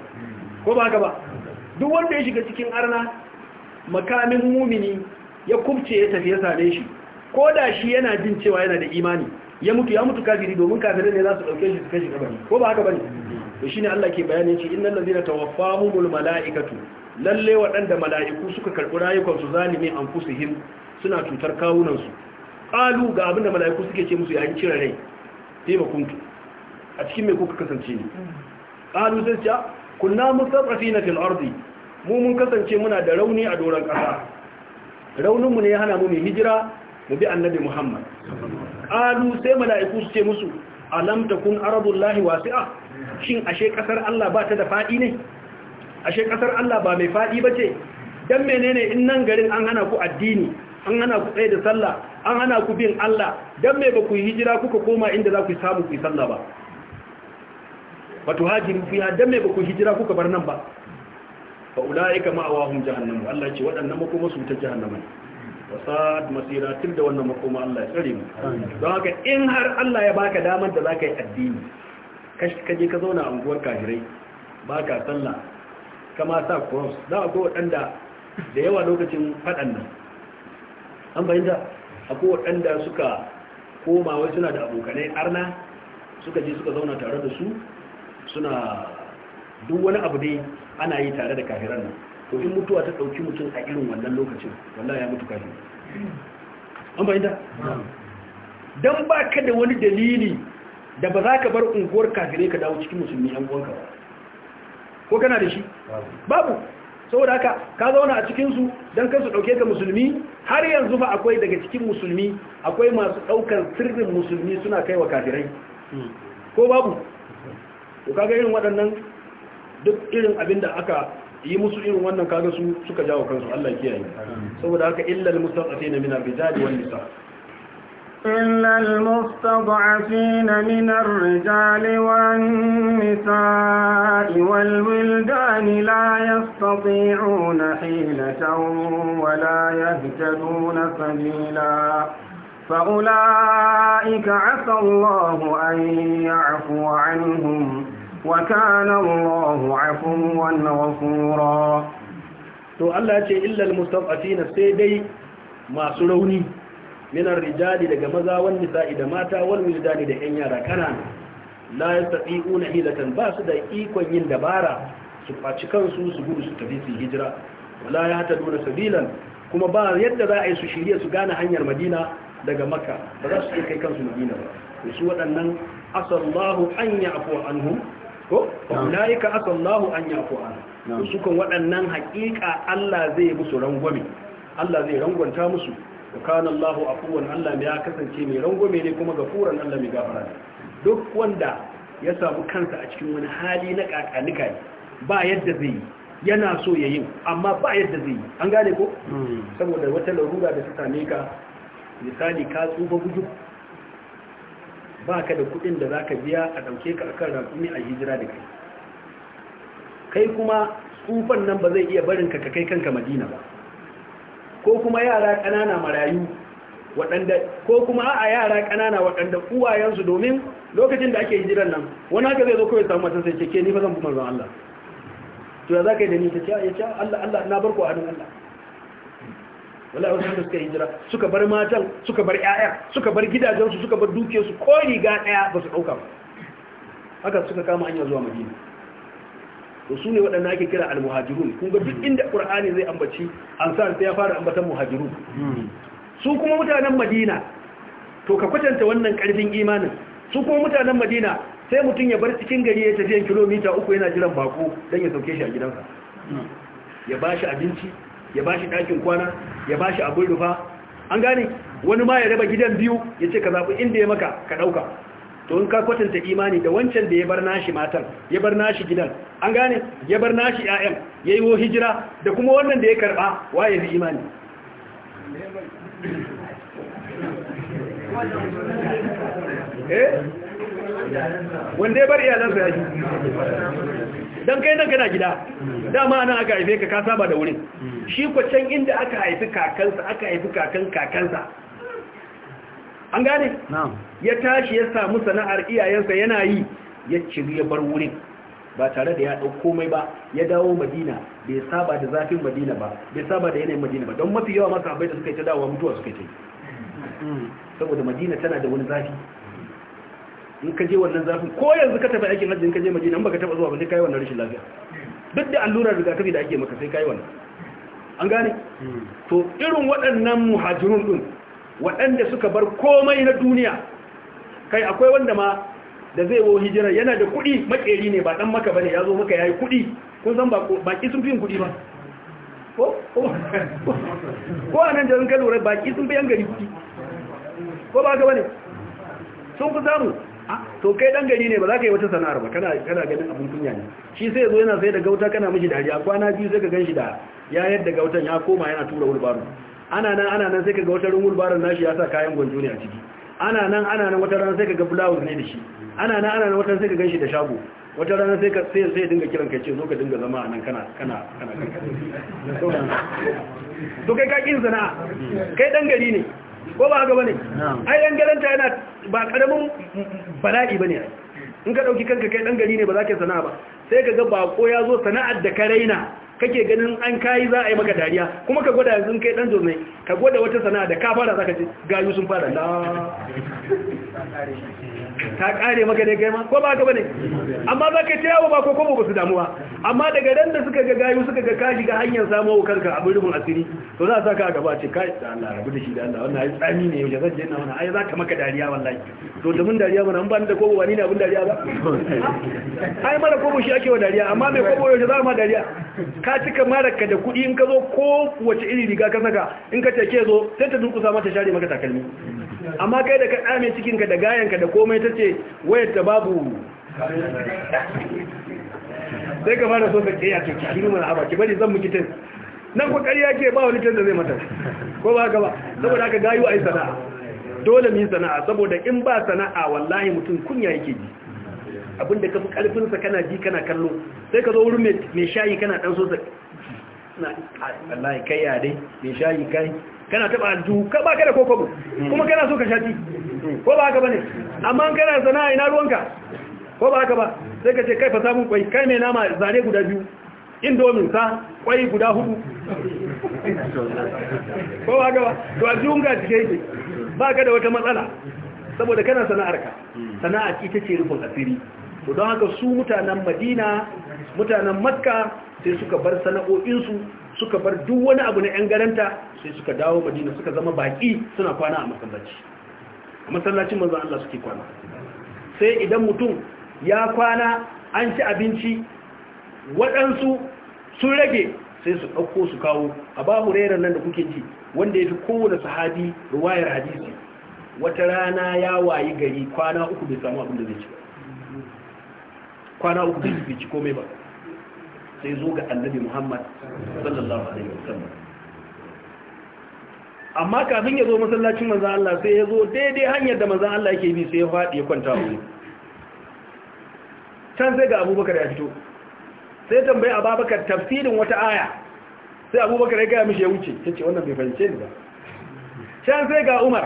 ko ba haka ba duk wanda ya shiga cikin arna makamin mumini ya kubce ya tafi ya same shi ko da shi yana jin cewa yana da imani ya mutu ya mutu kafiri domin kafirai ne za su ɗauke shi su kashe kabari ko ba haka bane to shine Allah ke bayanin shi innal ladina tawaffahumul malaikatu lalle waɗanda mala'iku suka karɓi rayukansu zalimi an fusuhim suna cutar kawunansu ƙalu ga abin da mala'iku suke ce musu yayin cire rai sai ba kuntu a cikin me kuka kasance ne ƙalu hmm. zai ce kunna musarrafi na fil ardi mu mun kasance muna da rauni a doron ƙasa rauninmu ne ya hana mu mai hijira mu bi annabi muhammad ƙalu sai mala'iku su ce musu alam takun arabullahi wasi'a shin ashe ƙasar allah ba ta da faɗi ne ashe ƙasar allah ba mai faɗi ba ce dan menene in nan garin an hana ku addini an hana ku tsaye da sallah an hana ku bin allah dan me ba ku yi hijira kuka koma inda za ku samu ku yi sallah ba wato hajiru fiya dan me ba ku hijira kuka bar nan ba fa ulaika ma'awahum jahannam Allah ce waɗannan makoma su ta jahannama wasad masira tun da wannan makoma Allah ya tsare mu don haka in har Allah ya baka damar da zaka yi addini ka je ka zauna a unguwar kafirai baka sallah kama sa cross da akwai waɗanda da yawa lokacin fadan nan an bayyana akwai waɗanda suka koma wai suna da abokanai arna suka je suka zauna tare da su suna duk wani abu dai ana yi tare da kafiran nan to in mutuwa ta ɗauki mutum a irin wannan lokacin wallahi ya mutu kafin an fahimta don ba ka da wani dalili da ba za ka bar unguwar kafirai ka dawo cikin musulmi yan uwanka ba ko kana da shi babu saboda haka ka zauna a cikinsu don kan su ɗauke ka musulmi har yanzu ba akwai daga cikin musulmi akwai masu ɗaukar sirrin musulmi suna kai wa kafirai ko babu to kaga irin waɗannan duk irin abin da aka yi musu irin wannan kaga su suka jawo kansu Allah kiyaye saboda haka illal mustaqatina min ar-rijali wan nisa إلا المستضعفين من الرجال والنساء والولدان لا يستطيعون حيلة ولا يهتدون سبيلا فأولئك عسى الله أن يعفو عنهم وكان الله عفوا غفورا to Allah ya ce illal mustafafina sai dai masu rauni minar rijali daga maza wan nisa'i da mata wal wildani da yan yara kanana la yastati'una hilatan ba su da ikon yin dabara su faci kansu su gudu su tafi su hijira wala yahtaduna sabilan kuma ba yadda za a yi su shirye su gane hanyar Madina daga Makka ba za su kai kansu Madina ba su waɗannan asallahu an ya'fu anhum ko ulaika asallahu an yafu an su kan waɗannan haƙiƙa Allah zai musu rangwame Allah zai rangwanta musu wa kana Allahu kowane Allah ya kasance mai rangwame ne kuma gafuran Allah mai gafara duk wanda ya samu kansa a cikin wani hali na kakanika ba yadda zai yi yana so ya yi amma ba yadda zai yi an gane ko hmm. saboda wata larura da ta same ka misali ka tsufa gudu ba ka da kudin da za ka biya a ɗauke ka akan rakumi a hijira da kai kai kuma tsufan nan ba zai iya barin ka kai kanka madina ba ko kuma yara ƙanana marayu waɗanda ko kuma a yara ƙanana waɗanda uwayensu domin lokacin da ake hijiran nan wani haka zai zo kawai samu matan sai ce ke ni fa zan bi manzon Allah to ya za ka yi da ni ta ce ya ce Allah Allah na barko a hannun Allah wallahi wasu da suka hijira suka bar matan suka bar ƴaƴa suka bar gidajensu suka bar dukiyarsu ko riga ɗaya ba su ɗauka ba haka suka kama hanya zuwa madina to su ne waɗanda ake kira almuhajirun kun ga duk inda qur'ani zai ambaci ansar sai ya fara ambatan muhajirun su kuma mutanen madina to ka kwatanta wannan ƙarfin imanin su kuma mutanen madina sai mutum ya bar cikin gari ya tafiyan kilomita uku yana jiran bako don ya sauke shi a gidansa ya ba shi abinci ya bashi ɗakin kwana ya bashi abin rufa an gane wani ma ya raba gidan biyu ya ce ka zaɓi inda ya maka ka ɗauka to in ka kwatanta imani da wancan da ya bar nashi matan ya bar nashi gidan an gane ya bar nashi 'ya'yan ya yi hijira da kuma wannan da ya karɓa waye fi imani eh? wanda ya bar iyalansa ya shi don kai nan kana gida dama nan aka haife ka ka saba da wurin hmm. shi kwacen can inda aka haifi kakansa aka haifi kakan kakansa an gane ya tashi ya samu sana'ar iyayensa yana yi ya ciri ya bar wurin ba tare da ya ɗau komai ba ya dawo madina bai saba da zafin madina ba bai saba da yanayin madina ba don mafi yawa masu abai da suka yi ta dawowa mutuwa suka yi ta yi hmm. saboda madina tana da wani zafi in ka je wannan zafin ko yanzu ka tafi aikin hajji in ka je majina in baka taba zuwa ba sai kai wannan rashin lafiya duk da allurar rigakafi da ake maka sai kai wannan an gane to irin waɗannan muhajirun din waɗanda suka bar komai na duniya kai akwai wanda ma da zai wo hijira yana da kuɗi makeri ne ba dan maka bane ya zo maka yayi kuɗi kun san ba baki sun fi yin kuɗi ba ko ko anan da in lura baki sun fi yan gari kuɗi ko ba ka bane sun fi samu to kai dan gari ne ba za ka yi wata sana'ar ba kana kana ganin abun kunya ne shi sai yazo yana sai da gauta kana miji dariya kwana biyu sai ka ganshi da ya yadda gautan ya koma yana tura wulbaro ana nan ana nan sai ka ga wata rungul baron nashi ya sa kayan gwanjo ne a ciki ana nan ana nan wata rana sai ka ga blouse ne da shi ana nan ana nan wata sai ka ganshi da shago wata rana sai ka sai sai dinga kiran kai ce zo ka dinga zama a nan kana kana kana to kai ka kin sana'a kai dan gari ne ko ba haka bane ai yan garanta yana ba karamin bala'i bane in ka dauki kanka kai dan gari ne ba za ka sana'a ba sai ka ga bako ya zo sana'ar da ka raina kake ganin an kai za a yi maka dariya kuma ka gwada yanzu kai dan jornai ka gwada wata sana'a da ka fara zaka ji gayu sun fara la ta kare maka ne kai ma ko ba ka bane amma za ka tiyawo ba ko kuma ba su damuwa amma daga ran da suka ga gayu suka ga kashi ga hanyar samo kanka abin rubun asiri to za a saka a gaba ce kai da Allah rabu da shi da Allah wannan ai tsami ne yau zan je na wannan ai za ka maka dariya wallahi to da mun dariya mana an da kobo wani ne abin dariya ba ai mara kobo shi ake wa dariya amma mai kobo yau za ma dariya ka cika maraka da kuɗi in ka zo ko wace iri riga ka saka in ka take zo sai ta dunkusa mata share maka takalmi amma kai da ka ɗame cikinka da gayanka da komai ta ce wayar ta babu sai ka fara so ka ke yato ki shiru mana haba ki bari zan miki tin nan ko ƙarya ke ba wani tin da zai mata ko ba ka ba saboda haka gayu a yi sana'a dole mu sana'a saboda in ba sana'a wallahi mutum kunya yake ji abinda ka fi ƙarfinsa kana ji kana kallo sai ka zo wurin mai shayi kana ɗan so sa wallahi kai ya dai mai shayi kai kana taba aljihu ka ba ka da kuma kana so ka shafi ko ba haka ba ne amma kana sana'a ina ruwanka ko ba haka ba sai ka ce kai fa samun kwai kai mai nama zane guda biyu indomin sa kwai guda hudu ko ba haka ba to aljihun ga cike yake ba ka da wata matsala saboda kana sana'arka sana'a ita ce rufin asiri to don haka su mutanen madina mutanen makka sai suka bar sana'o'insu suka bar duk wani abu na 'yan garanta sai suka dawo madina suka zama baki suna kwana a masallaci a masallacin manzan Allah suke kwana sai idan mutum ya kwana an ci abinci waɗansu sun rage sai su ɗauko su kawo a ba hurairar nan da kuke ji wanda ya fi kowane sahabi ruwayar hadisi wata rana ya wayi gari kwana uku bai samu abin da zai ci kwana uku bai ci komai ba sai zo ga annabi muhammad sallallahu alaihi wasallam amma kafin ya zo masallacin manzo Allah sai ya zo daidai hanyar da manzo Allah yake bi sai ya faɗi ya kwanta wuri can sai ga abubakar ya fito sai tambayi abubakar tafsirin wata aya sai abubakar ya gaya mishi ya wuce tace ce wannan bai fahimce ni ba can sai ga umar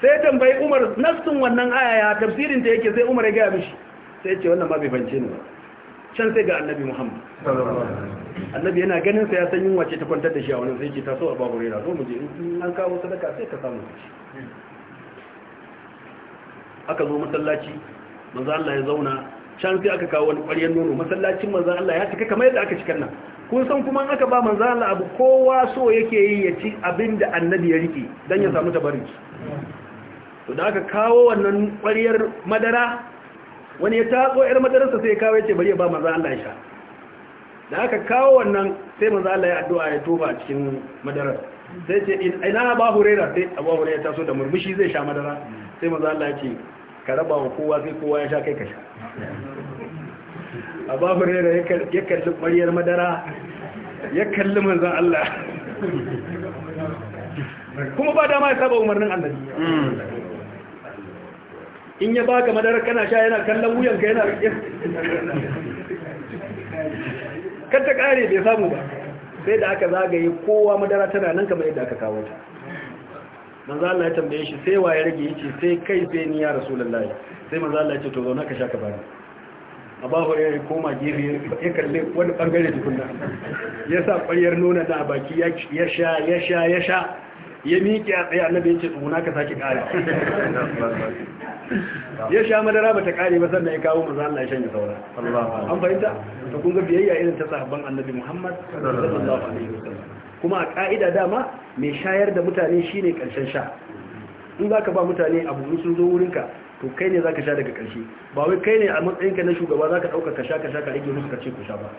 sai tambayi umar nassun wannan aya ya tafsirin ta yake sai umar ya gaya mishi sai ya ce wannan ma bai fahimce ni ba can sai ga annabi muhammad annabi yana ganin sa ya san yunwa ce ta kwantar da shi a wani sai ce taso a babu rera zo mu je in an kawo sadaka sai ka samu shi aka zo masallaci manzo Allah ya zauna can sai aka kawo wani ƙwaryar nono masallacin manzo Allah ya cika kamar yadda aka cikar nan kun san kuma aka ba manzo Allah abu kowa so yake yi ya ci abinda annabi ya rike dan ya samu tabarruki to da aka kawo wannan ƙwaryar madara wani ya tatso yar madarasa sai ya kawo yace bari ya ba manzo Allah ya sha da aka kawo wannan sai manzo Allah ya addu'a ya tofa cikin madarar sai ce ina ba hurera sai abu hurera ya taso da murmushi zai sha madara sai manzo Allah ya ce ka raba wa kowa sai kowa ya sha kai ka sha abu hurera ya kalli ƙwariyar madara ya kalli manzo Allah kuma ba dama ya saba umarnin annabi mm. in ya baka madara kana sha yana kallon wuyanka yana rike kan ta kare bai samu ba sai da aka zagaye kowa madara tana nan kamar yadda aka kawo ta manzo Allah ya tambaye shi sai ya rage yace sai kai sai ni ya rasulullahi sai manzo Allah ya ce to zauna ka sha ka bani abahu ya koma gefe ya kalle wani bangare tukunna ya sa ƙwayar nuna da baki ya sha ya sha ya sha ya miƙe a tsaye annabi ya ce tsuguna ka sake ƙare ya sha madara ba ta ƙare ba sannan ya kawo maza Allah ya shanye saura an fahimta ta kun biyayya irin ta sahabban annabi Muhammad kuma a ƙa'ida dama mai shayar da mutane shine ƙarshen sha in za ka ba mutane abu sun zo wurinka to kai ne zaka sha daga ƙarshe ba wai kai ne a matsayinka na shugaba zaka dauka ka sha ka sha ka rage musu ka ce ku sha ba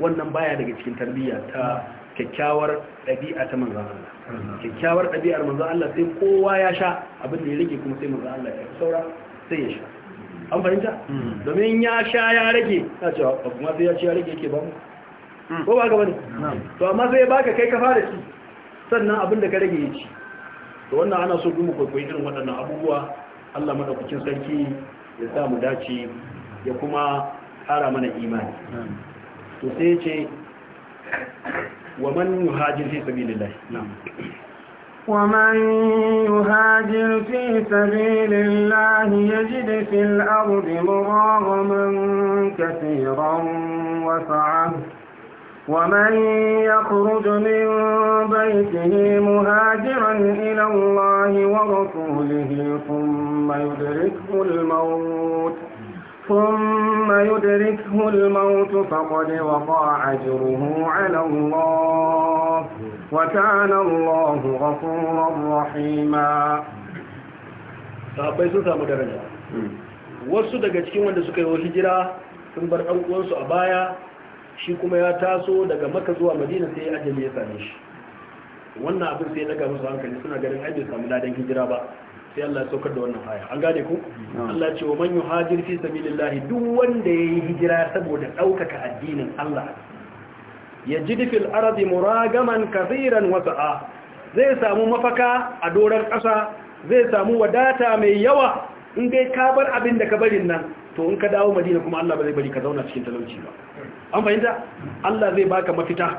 wannan baya daga cikin tarbiyya ta kyakkyawar ɗabi'a ta manzon Allah kyakkyawar ɗabi'ar manzon Allah sai kowa ya sha abin da ya rage kuma sai manzon Allah ya saura sai ya sha an fahimta hmm. domin ya sha ya rage ta ce ba kuma sai ya ci ya rage yake ba mu hmm. ko ba gaba ne to amma sai ya baka kai ka fara ci sannan abin da ka rage ya ci to wannan ana so duma kwaikwayi irin waɗannan abubuwa Allah madaukakin sarki ya sa mu dace ya kuma ƙara mana imani to sai ce wa man yuhajir fi sabilillah na'am ومن يهاجر في سبيل الله يجد في الأرض مراغما كثيرا وسعة ومن يخرج من بيته مهاجرا إلى الله ورسوله ثم ثم يدركه الموت ثم يدركه الموت فقد وقع أجره على الله وكان الله غفورا رحيما sahabbai sun samu daraja wasu daga cikin wanda suka yi wa hijira sun bar ɗan uwansu a baya shi kuma ya taso daga maka zuwa madina sai ajali ya same shi wannan abin sai ya daga musu hankali suna ganin ai bai samu ladan hijira ba sai Allah ya saukar da wannan aya an gane ku Allah ce wa man yuhajir fi sabilillahi duk wanda yayi hijira saboda daukaka addinin Allah yajid fil ardi muragaman kathiran wa sa'a zai samu mafaka a doran kasa zai samu wadata mai yawa in dai ka bar abin da ka bari nan to in ka dawo madina kuma Allah ba zai bari ka zauna cikin talauci ba an fahimta Allah zai baka mafita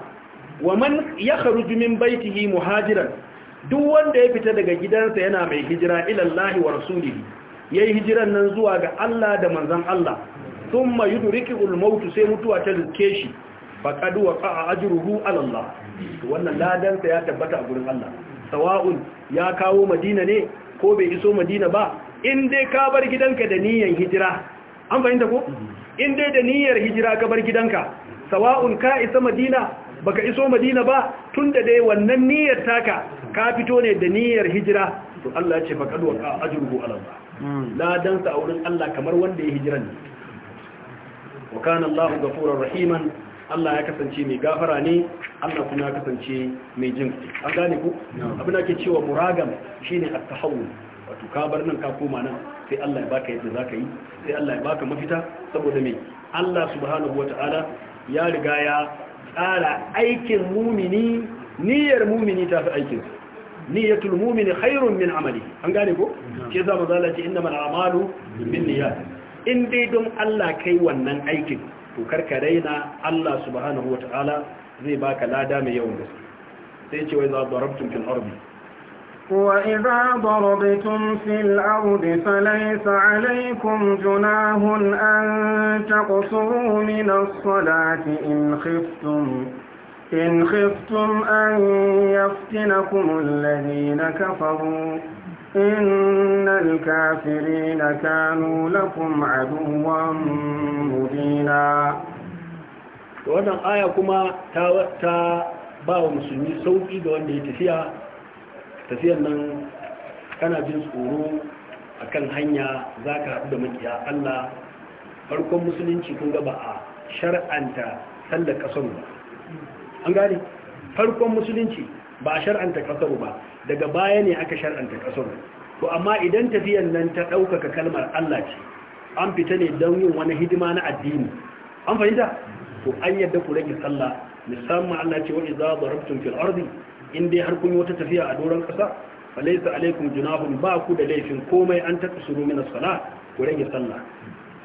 wa man yakhruju min baitihi muhajiran duk wanda ya fita daga gidansa yana mai hijira ilallahi wa rasulihi yayi hijiran nan zuwa ga Allah da manzon Allah thumma yudrikul maut sai mutuwa ta duke shi faqad waqa ajruhu ala Allah wannan ladan sa ya tabbata a gurin Allah sawa'un ya kawo Madina ne ko bai iso Madina ba in dai ka bar gidanka da niyyar hijira an fahimta ko mm-hmm. in dai da niyyar hijira ka bar gidanka sawa'un ka isa Madina baka iso madina ba Tun da dai wannan niyyar taka ka fito ne da niyyar hijira to Allah ya ce fa kadu wa ajruhu ala Allah hmm. la dan sa wurin Allah kamar wanda ya hijira ne wa kana Allahu ghafurur rahiman Allah ya kasance mai gafara ne Allah kuma ya kasance mai jin an gane ku abin ake cewa muragam shine at-tahawul wato ka bar nan ka koma nan sai Allah ya baka yadda zaka yi sai Allah ya baka mafita saboda me Allah subhanahu wa ta'ala ya riga ya ƙala aikin mumini niyyar mumini ta fi aikin niyyatul mumini khairun min amali an gane ko ke za mu zalace inda mana amalu bin niyya in dai don Allah kai wannan aikin to karka raina Allah subhanahu wa ta'ala zai baka lada mai yawan gaske sai ce wai za darabtum fil ardi وإذا ضربتم في الأرض فليس عليكم جناه أن تقصروا من الصلاة إن خفتم إن خفتم أن يفتنكم الذين كفروا إن الكافرين كانوا لكم عدوا مبينا wannan aya kuma ta ba wa musulmi sauƙi ga wanda ya tafiya tafiyar nan kana jin tsoro a kan hanya za ka haɗu da makiya allah farkon musulunci kun gaba a shar'anta sallar kasar ba an gane farkon musulunci ba a shar'anta ƙasar ba daga baya ne aka shar'anta kasar to amma idan tafiyar nan ta ɗaukaka kalmar allah ce an fita ne don yin wani hidima na addini an fahimta to an yadda ku rage sallah musamman allah ce wa iza darabtum fil ardi in dai har kun yi wata tafiya a doron ƙasa falaisa alaikum junahun ba ku da laifin komai an taɓa shuru mina sala ku rage sallah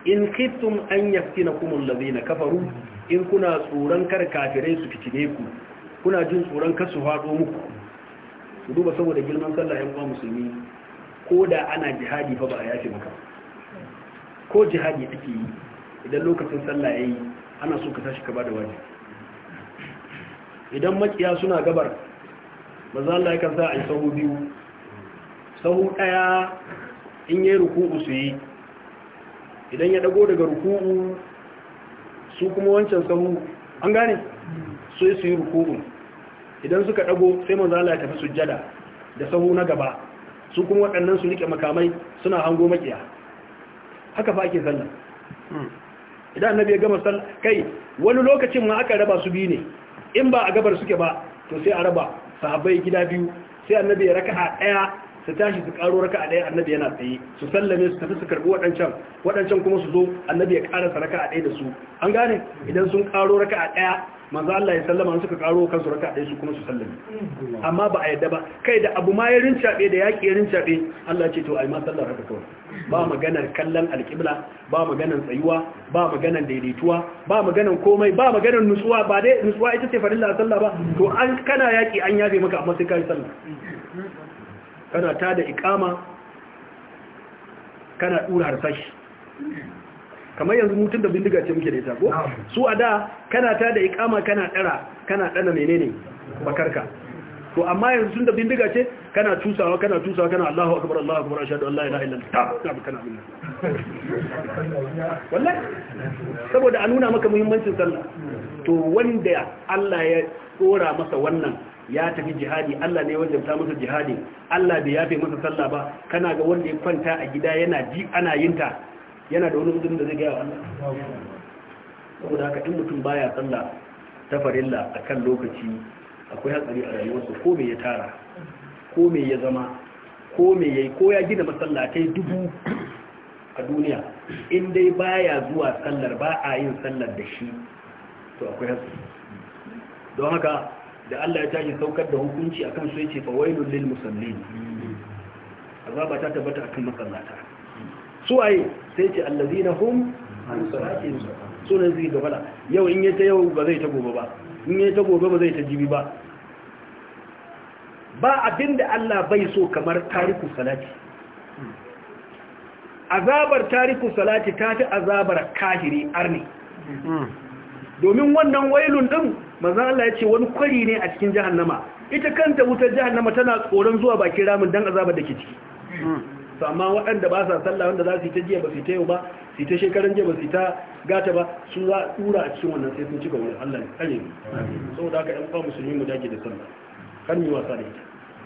in khiftum an yaftinakum na kafaru in kuna tsoron kar kafirai su fitine ku kuna jin tsoron kar su muku ku duba saboda girman sallah yan uwa musulmi ko da ana jihadi fa ba a yafi maka ko jihadi take yi idan lokacin sallah yayi ana so ka tashi ka bada wajibi idan makiya suna gabar maza Allah ya kansa a yi sahu biyu sahu ɗaya in yi ruku'u su yi idan ya ɗago daga ruku'u su kuma wancan sahu an gane su yi su yi ruku'u idan suka ɗago sai maza Allah ya tafi sujjada da sahu na gaba su kuma waɗannan su riƙe makamai suna hango maƙiya haka fa ake sallah idan annabi ya gama sallah kai wani lokacin ma aka raba su biyu ne in ba a gabar suke ba to sai a raba sahabbai gida biyu sai annabi ya raka'a daya su tashi su karo raka'a daya annabi yana tsaye su sallame su tafi su karbi wadancan waɗancan kuma su zo annabi ya karasa raka'a daya da su an gane idan sun karo raka'a daya manzo Allah ya sallama suka karo kansu raka ɗaya su kuma su sallame amma ba a yadda ba kai da abu ma ya rincaɓe da yaƙi ya rincaɓe Allah ce to ai ma sallar haka kawai ba maganar kallon alƙibla ba maganar tsayuwa ba maganar daidaituwa ba maganar komai ba maganar nutsuwa ba dai nutsuwa ita ce farilla sallah ba to an kana yaƙi an yafe maka amma sai kai sallah kana ta da iqama kana dura harsashi kamar yanzu mutum da bindiga ce muke da ita ko su a da kana ta da ikama kana dara kana dana menene bakarka to amma yanzu tun da bindiga ce kana tusawa kana tusawa kana Allahu akbar Allahu akbar ashhadu an la ilaha illa Allah ta kana binne wallahi saboda a nuna maka muhimmancin sallah to wanda Allah ya tsora masa wannan ya tafi jihadi Allah ne wanda ta masa jihadi Allah bai yafe masa sallah ba kana ga wanda ya kwanta a gida yana ji ana yin ta yana da wani uzurin da zai gaya wannan saboda haka in mutum baya sallah ta farilla a kan lokaci akwai hatsari a rayuwarsa ko me ya tara ko me ya zama ko me ya yi ko ya gina masallatai dubu a duniya in dai baya zuwa sallar ba a yin sallar da shi to akwai hatsari don haka da Allah ya tashi saukar da hukunci akan su yace fa wailul lil musallin azaba ta tabbata akan masallata suwaye sai ce allazina hum an salatihim sunan zai gaba yau in yi ta yau ba zai ta gobe ba in yi ta gobe ba zai ta jibi ba ba abinda Allah bai so kamar tariku salati azabar tariku salati ta fi azabar kahiri arni domin wannan wailun din maza Allah ya ce wani kwari ne a cikin jahannama ita kanta wutar jahannama tana tsoron zuwa bakin ramin dan azabar da ke ciki su amma waɗanda ba sa sallah wanda za su yi ta jiya ba su ta yau ba su ta shekaran jiya ba su ta gata ba su za a tura a cikin wannan sai sun cika wani Allah ne kare mu saboda haka ɗan uwa musulmi mu dage da sallah kan yi wasa da ita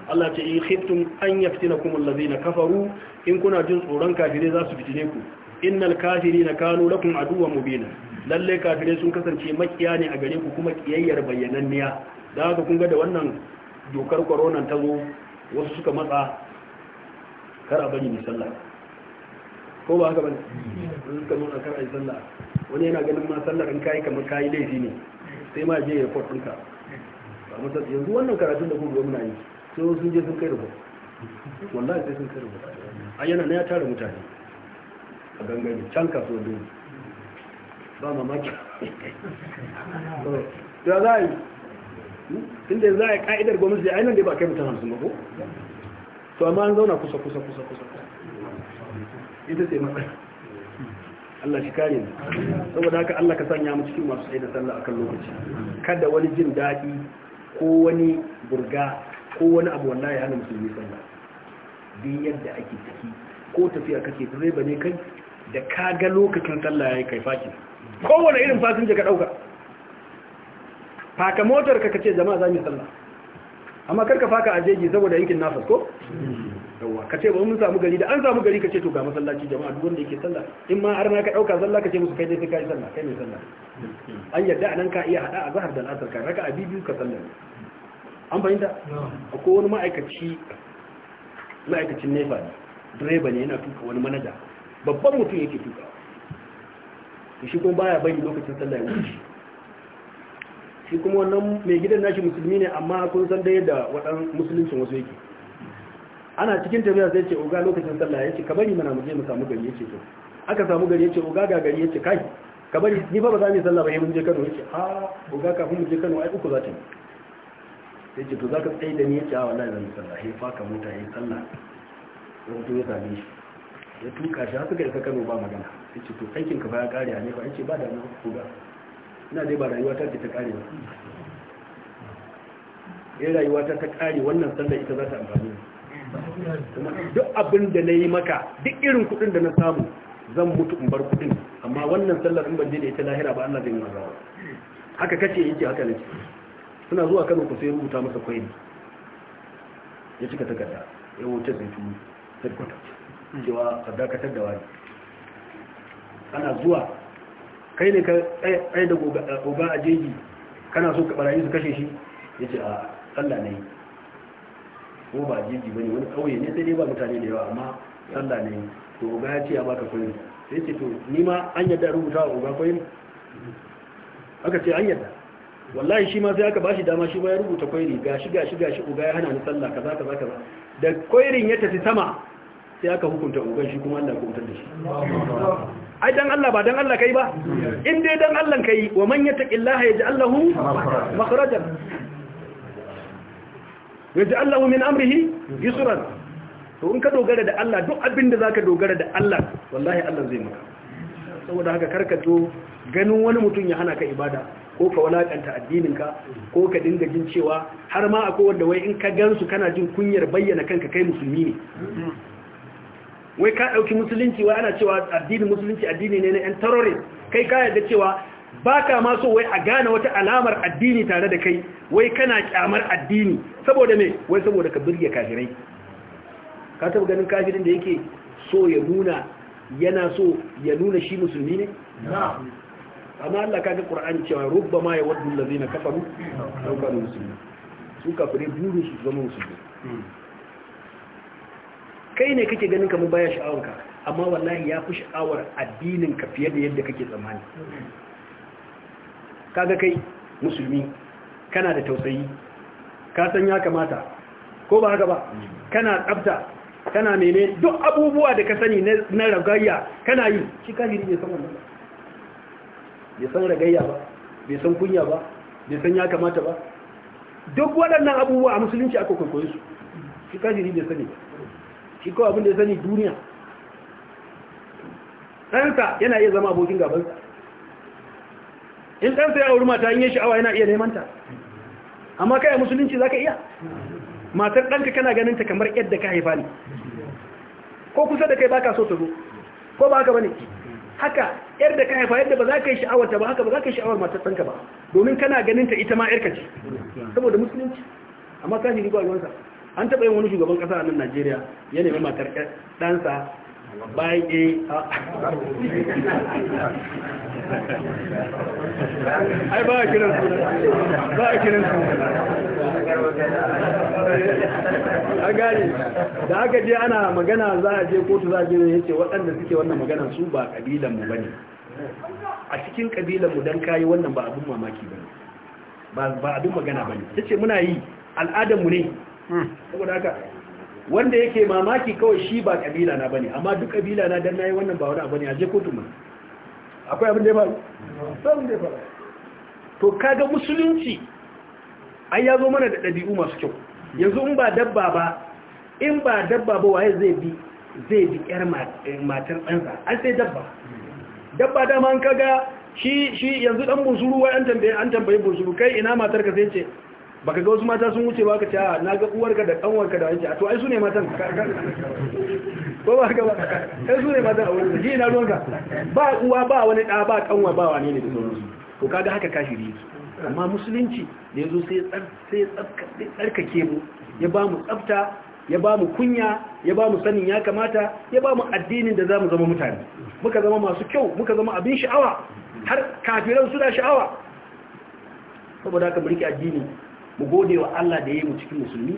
Allah ce in khiftum an yaftinakum na kafaru in kuna jin tsoron kafirai za su fitine ku innal kafirina kanu lakum mu mubina Lallai kafirai sun kasance makiya ne a gare ku kuma kiyayyar bayyananniya da haka kun ga da wannan dokar koronan ta zo wasu suka matsa kar a bari mai sallah ko ba haka bane in kama zo kar a yi sallah wani yana ganin ma sallar in kai kamar kai laifi ne sai ma je ya ka. ba mu san yanzu wannan karatun da kuma muna yi sai sun je sun kai rubu wallahi sai sun kai rubu a yana na ya tara mutane a gangare can kasuwa dole ba mamaki da za a yi hmm? tun da za a yi ka'idar gwamnati a yanar da ba kai mutane hamsin ba ko to amma an zauna kusa kusa kusa kusa ita ce matsayi Allah shi kare ne saboda haka Allah ka sanya mu cikin masu tsaye da sallah akan lokaci kada wani jin daɗi ko wani burga ko wani abu wallahi hana musulmi sallah din yadda ake ciki ko tafiya kake direba ne kai da ka ga lokacin sallah yayi kai faki kowane irin fasinja ka dauka faka motar ka kace jama'a za mu sallah amma karka faka a jeji saboda yankin nafas ko yawa ka ce ba mun samu gari da an samu gari ka ce to ga masallaci jama'a duk wanda yake sallah in ma har na ka dauka sallah ka ce musu kai dai sai kai sallah kai ne sallah an yadda anan ka iya hada a zahar da asr ka raka a bibi ka sallah an fahimta akwai wani ma'aikaci ma'aikacin nefa ne direba ne yana tuka wani manaja babban mutum yake tuka shi kuma baya bari lokacin sallah ya wuce shi kuma wannan mai gidan nashi musulmi ne amma kun san da yadda wadan musuluncin wasu yake ana cikin tafiya sai ce oga lokacin sallah yace ka bari mana mu je mu samu gari yace to aka samu gari yace oga ga gari yace kai ka bari ni fa ba za mu yi sallah ba mun je Kano yace a oga kafin mu je Kano ai uku za ta sai ce to za ka tsaye da ni ya ce a wallahi zan yi sallah ya ka mota ya sallah ya to ya sami shi ya tuka shi har suka isa kano ba magana ya ce to aikin ka baya a ne ba ya ce ba da mu kuga na dai ba rayuwa ta ce ta kare ba ya eh, rayuwa ta ta kare wannan sannan ita za ta amfani kuma duk abin da na yi maka duk irin kudin da na samu zan mutu in bar kudin amma wannan sallar in banje da ita lahira ba Allah zai yi mazawa haka kace yake haka ne suna zuwa Kano ku sai rubuta masa kwai ya cika takarda ya wuce zai tuni sai kwata cewa sadaka ta da ana zuwa kai ne ka tsaye da goba eh, a jeji kana so ka barayi su kashe shi ya ce a ah, sallah ne ko ba jeji ba ne wani ƙauye ne sai dai ba mutane da yawa amma sallah ne to goba ya ce ya baka kwayo sai ce to ni ma an yadda rubuta wa goba kwayo aka ce an yadda wallahi shi ma sai aka bashi dama shi ba ya rubuta kwairi gashi gashi gashi goba ya hana ni sallah kaza kaza kaza da kwairin ya tafi sama sai aka hukunta ugan shi kuma Allah ya hukuntar da shi ai dan Allah ba dan Allah kai ba in dai dan Allah kai wa man yattaqillaha yaj'al makhrajan yaj'al min amrihi yusran to in ka dogara da Allah duk abinda da zaka dogara da Allah wallahi Allah zai maka saboda haka karkato ganin wani mutum ya hana ka ibada ko ka walakanta addininka ko ka dinga jin cewa har ma akwai wanda wai in ka gansu kana jin kunyar bayyana kanka kai musulmi ne wai ka ɗauki musulunci wai ana cewa addinin musulunci addini ne na ɗan terrorist kai ka yadda cewa ba ka ma so wai a gane wata alamar addini tare da kai wai kana kyamar addini saboda me wai saboda ka birge kafirai ka taba ganin kafirin da yake so ya nuna yana so ya nuna shi musulmi ne amma Allah kaga Qur'ani cewa rubbama yawaddu allazina kafaru law kanu su kafirai buru su zama musulmi hmm. kai ne kake ganin kamar baya sha'awarka amma wallahi ya fi sha'awar addinin ka fiye da yadda kake tsammani kaga kai musulmi kana da tausayi ka san ya kamata ko ba haka ba kana tsabta kana mene duk abubuwa da ka sani na ragayya kana yi shi hiri ne san wannan bai san ragayya ba bai san kunya ba bai san ya kamata ba duk waɗannan abubuwa a musulunci aka kwaikwayo su shi hiri ne sani ba shi kawai abin da ya sani duniya ɗansa yana iya zama abokin gabansa in ɗansa ya auri mata yin sha'awa yana iya neman ta amma kai musulunci za ka iya matar ɗanka kana ganin ta kamar yadda ka haifa ne ko kusa da kai baka so ta zo ko ba haka ba ne haka yar da ka haifa yadda ba za ka yi sha'awar ta ba haka ba za ka yi sha'awar matar ɗanka ba domin kana ganin ta ita ma yarka ce saboda musulunci amma ni ba ruwansa an taɓa yin wani shugaban ƙasa a nan najeriya ya nemi matar ɗansa bayan a ai ba a kiran su ba a kiran su a gani da aka je ana magana za a je kotu za a je ya ce waɗanda suke wannan magana su ba ƙabilanmu ba ne a cikin ƙabilanmu don kayi wannan ba abin mamaki ba ne ba abin magana ba ne ta ce muna yi al'adanmu ne saboda haka wanda yake mamaki kawai shi ba kabila na bane amma duk kabila na dan nayi wannan ba wani abu ne a je kotu mun akwai abin da ya faru sabon da ya faru to kaga musulunci ai yazo mana da ɗabi'u masu kyau yanzu in ba dabba ba in ba dabba ba waye zai bi zai bi ƴar eh, matar ɗansa an sai dabba dabba dama an kaga shi yanzu dan bunsuru wai an tambaye an tambaye bunsuru kai ina matar ka sai ce baka ga wasu mata sun wuce baka ce a ah, na ga uwarka da kanwarka da wanke a to ai su ne matan ko ba ga ba su ne matan a wurin jini na ruwanka ba uwa ba wani da ba kanwa ba wani ne da sauransu to kaga haka kashiri yake amma musulunci da yazo sai sai tsarkake mu ya ba mu tsafta ya ba mu kunya ya ba mu sanin ya kamata ya ba mu addinin da zamu zama mutane muka zama masu kyau muka zama abin sha'awa har kafiran da sha'awa saboda haka mu rike addini mu gode wa Allah da ya yi mu cikin musulmi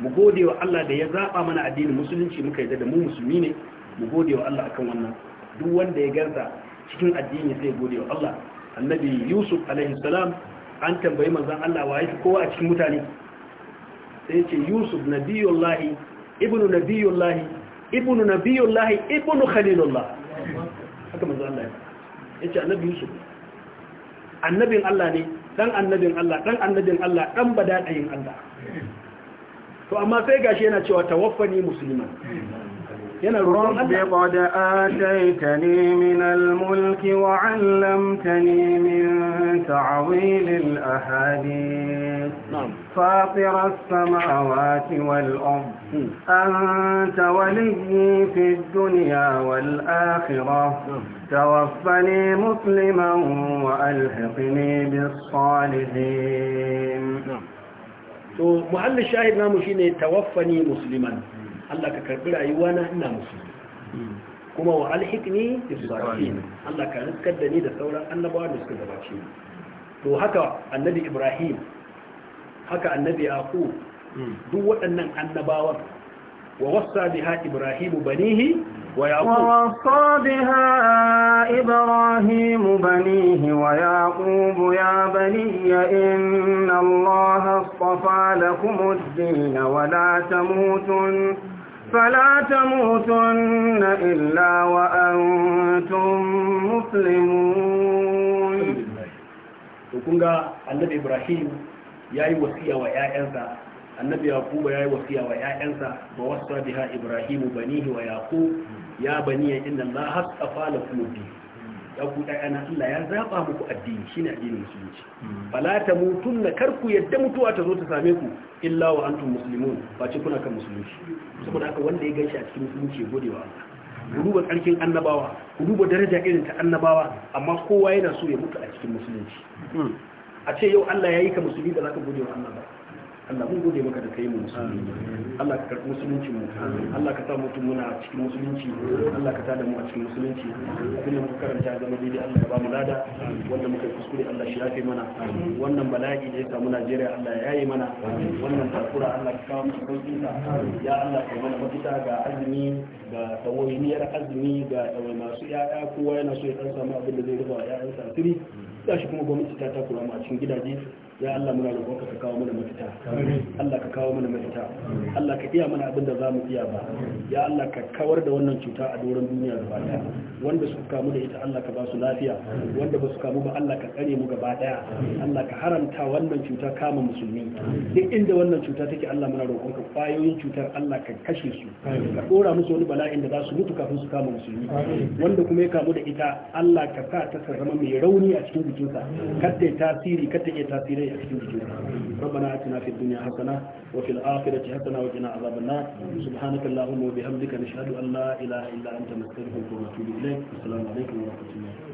mu gode wa Allah da ya zaɓa mana addinin musulunci muka yarda da mu musulmi ne mu gode wa Allah akan wannan duk wanda ya garza cikin addini sai gode wa Allah annabi Yusuf alaihi salam an tambayi manzon Allah wa yake kowa a cikin mutane sai ce Yusuf nabiyullahi ibnu nabiyullahi ibnu nabiyullahi ibnu khalilullah haka manzon Allah ya ce annabi Yusuf annabin Allah ne dan annabin Allah dan annabin Allah dan badadayin Allah to amma sai gashi yana cewa tawaffani musliman رب قد آتيتني من الملك وعلمتني من تعويل الأحاديث نعم. فاطر السماوات والأرض أنت ولي في الدنيا والآخرة نعم. توفني مسلما وألحقني بالصالحين معل نعم. الشاهد ناموشيني توفني مسلما Allah ka karbi rayuwana ina musulmi kuma wa alhikni bisalihin Allah ka riskar da ni da sauran annabawa da suka gabace ni to haka annabi Ibrahim haka annabi Yaqub duk waɗannan annabawan ووصى بها إبراهيم بنيه ويعقوب ووصى بها إبراهيم بنيه ويعقوب يا بني إن الله اصطفى لكم الدين ولا تموتن فلا تموتن إلا وأنتم مسلمون وكنا النبي إبراهيم يأي وصية ويا أنسى النبي يعقوب يأي وصية ويا أنسى ووصى بها إبراهيم بنيه ويعقوب يا بني إن الله اصطفى لكم الدين ya ku ɗayana Allah ya zaba muku addini shi ne addinin musulunci Bala hmm. ta mutun na karku yadda mutuwa ta zo ta same ku illa wa antum muslimun ba ce kuna kan musulunci saboda haka wanda ya gaishe a cikin musulunci ya gode wa Allah ku duba tsarkin annabawa ku duba daraja irin ta annabawa amma kowa yana so ya mutu a cikin musulunci hmm. a ce yau Allah ya yi ka musulmi ba za ka gode wa Allah ba Allah mun gode maka da kai mu musulmi Allah ka karɓi musulunci mu Allah ka sa mutum muna cikin musulunci Allah ka tada mu a cikin musulunci abin da muka karanta zama daidai Allah ya ba mu lada wanda muka kuskure Allah shi yafe mana wannan bala'i da ya samu Najeriya Allah ya yaye mana wannan takura Allah ka kawo mu sauƙin ta ya Allah ka mana mafita ga azumi ga tawayyiyar azumi ga tawai masu yaya kowa yana so ya san samu abin da zai rufa ya'yansa asiri shi kuma gwamnati ta takura mu a cikin gidaje ya Allah muna roƙonka ka kawo mana mafita Allah ka kawo mana mafita Allah ka iya mana abin da za mu iya ba ya Allah ka kawar da wannan cuta a doron duniya gaba daya wanda suka kamu da ita Allah ka ba su lafiya wanda ba su kamu ba Allah ka tsare mu gaba daya Allah ka haramta wannan cuta kama musulmi duk inda wannan cuta take Allah muna roƙonka kwayoyin cutar Allah ka kashe su ka dora musu wani bala'in da za su mutu kafin su kama musulmi wanda kuma ya kamu da ita Allah ka sa ta zama mai rauni a cikin jikinsa kada ta tasiri kada ta tasiri a cikin jikin rabbana atina fid dunya hasana wa fil Hassana hasana wa qina adhabannar subhanaka allahumma wa bihamdika nashhadu an la ilaha illa anta nastaghfiruka wa natubu ilayk assalamu alaikum wa rahmatullahi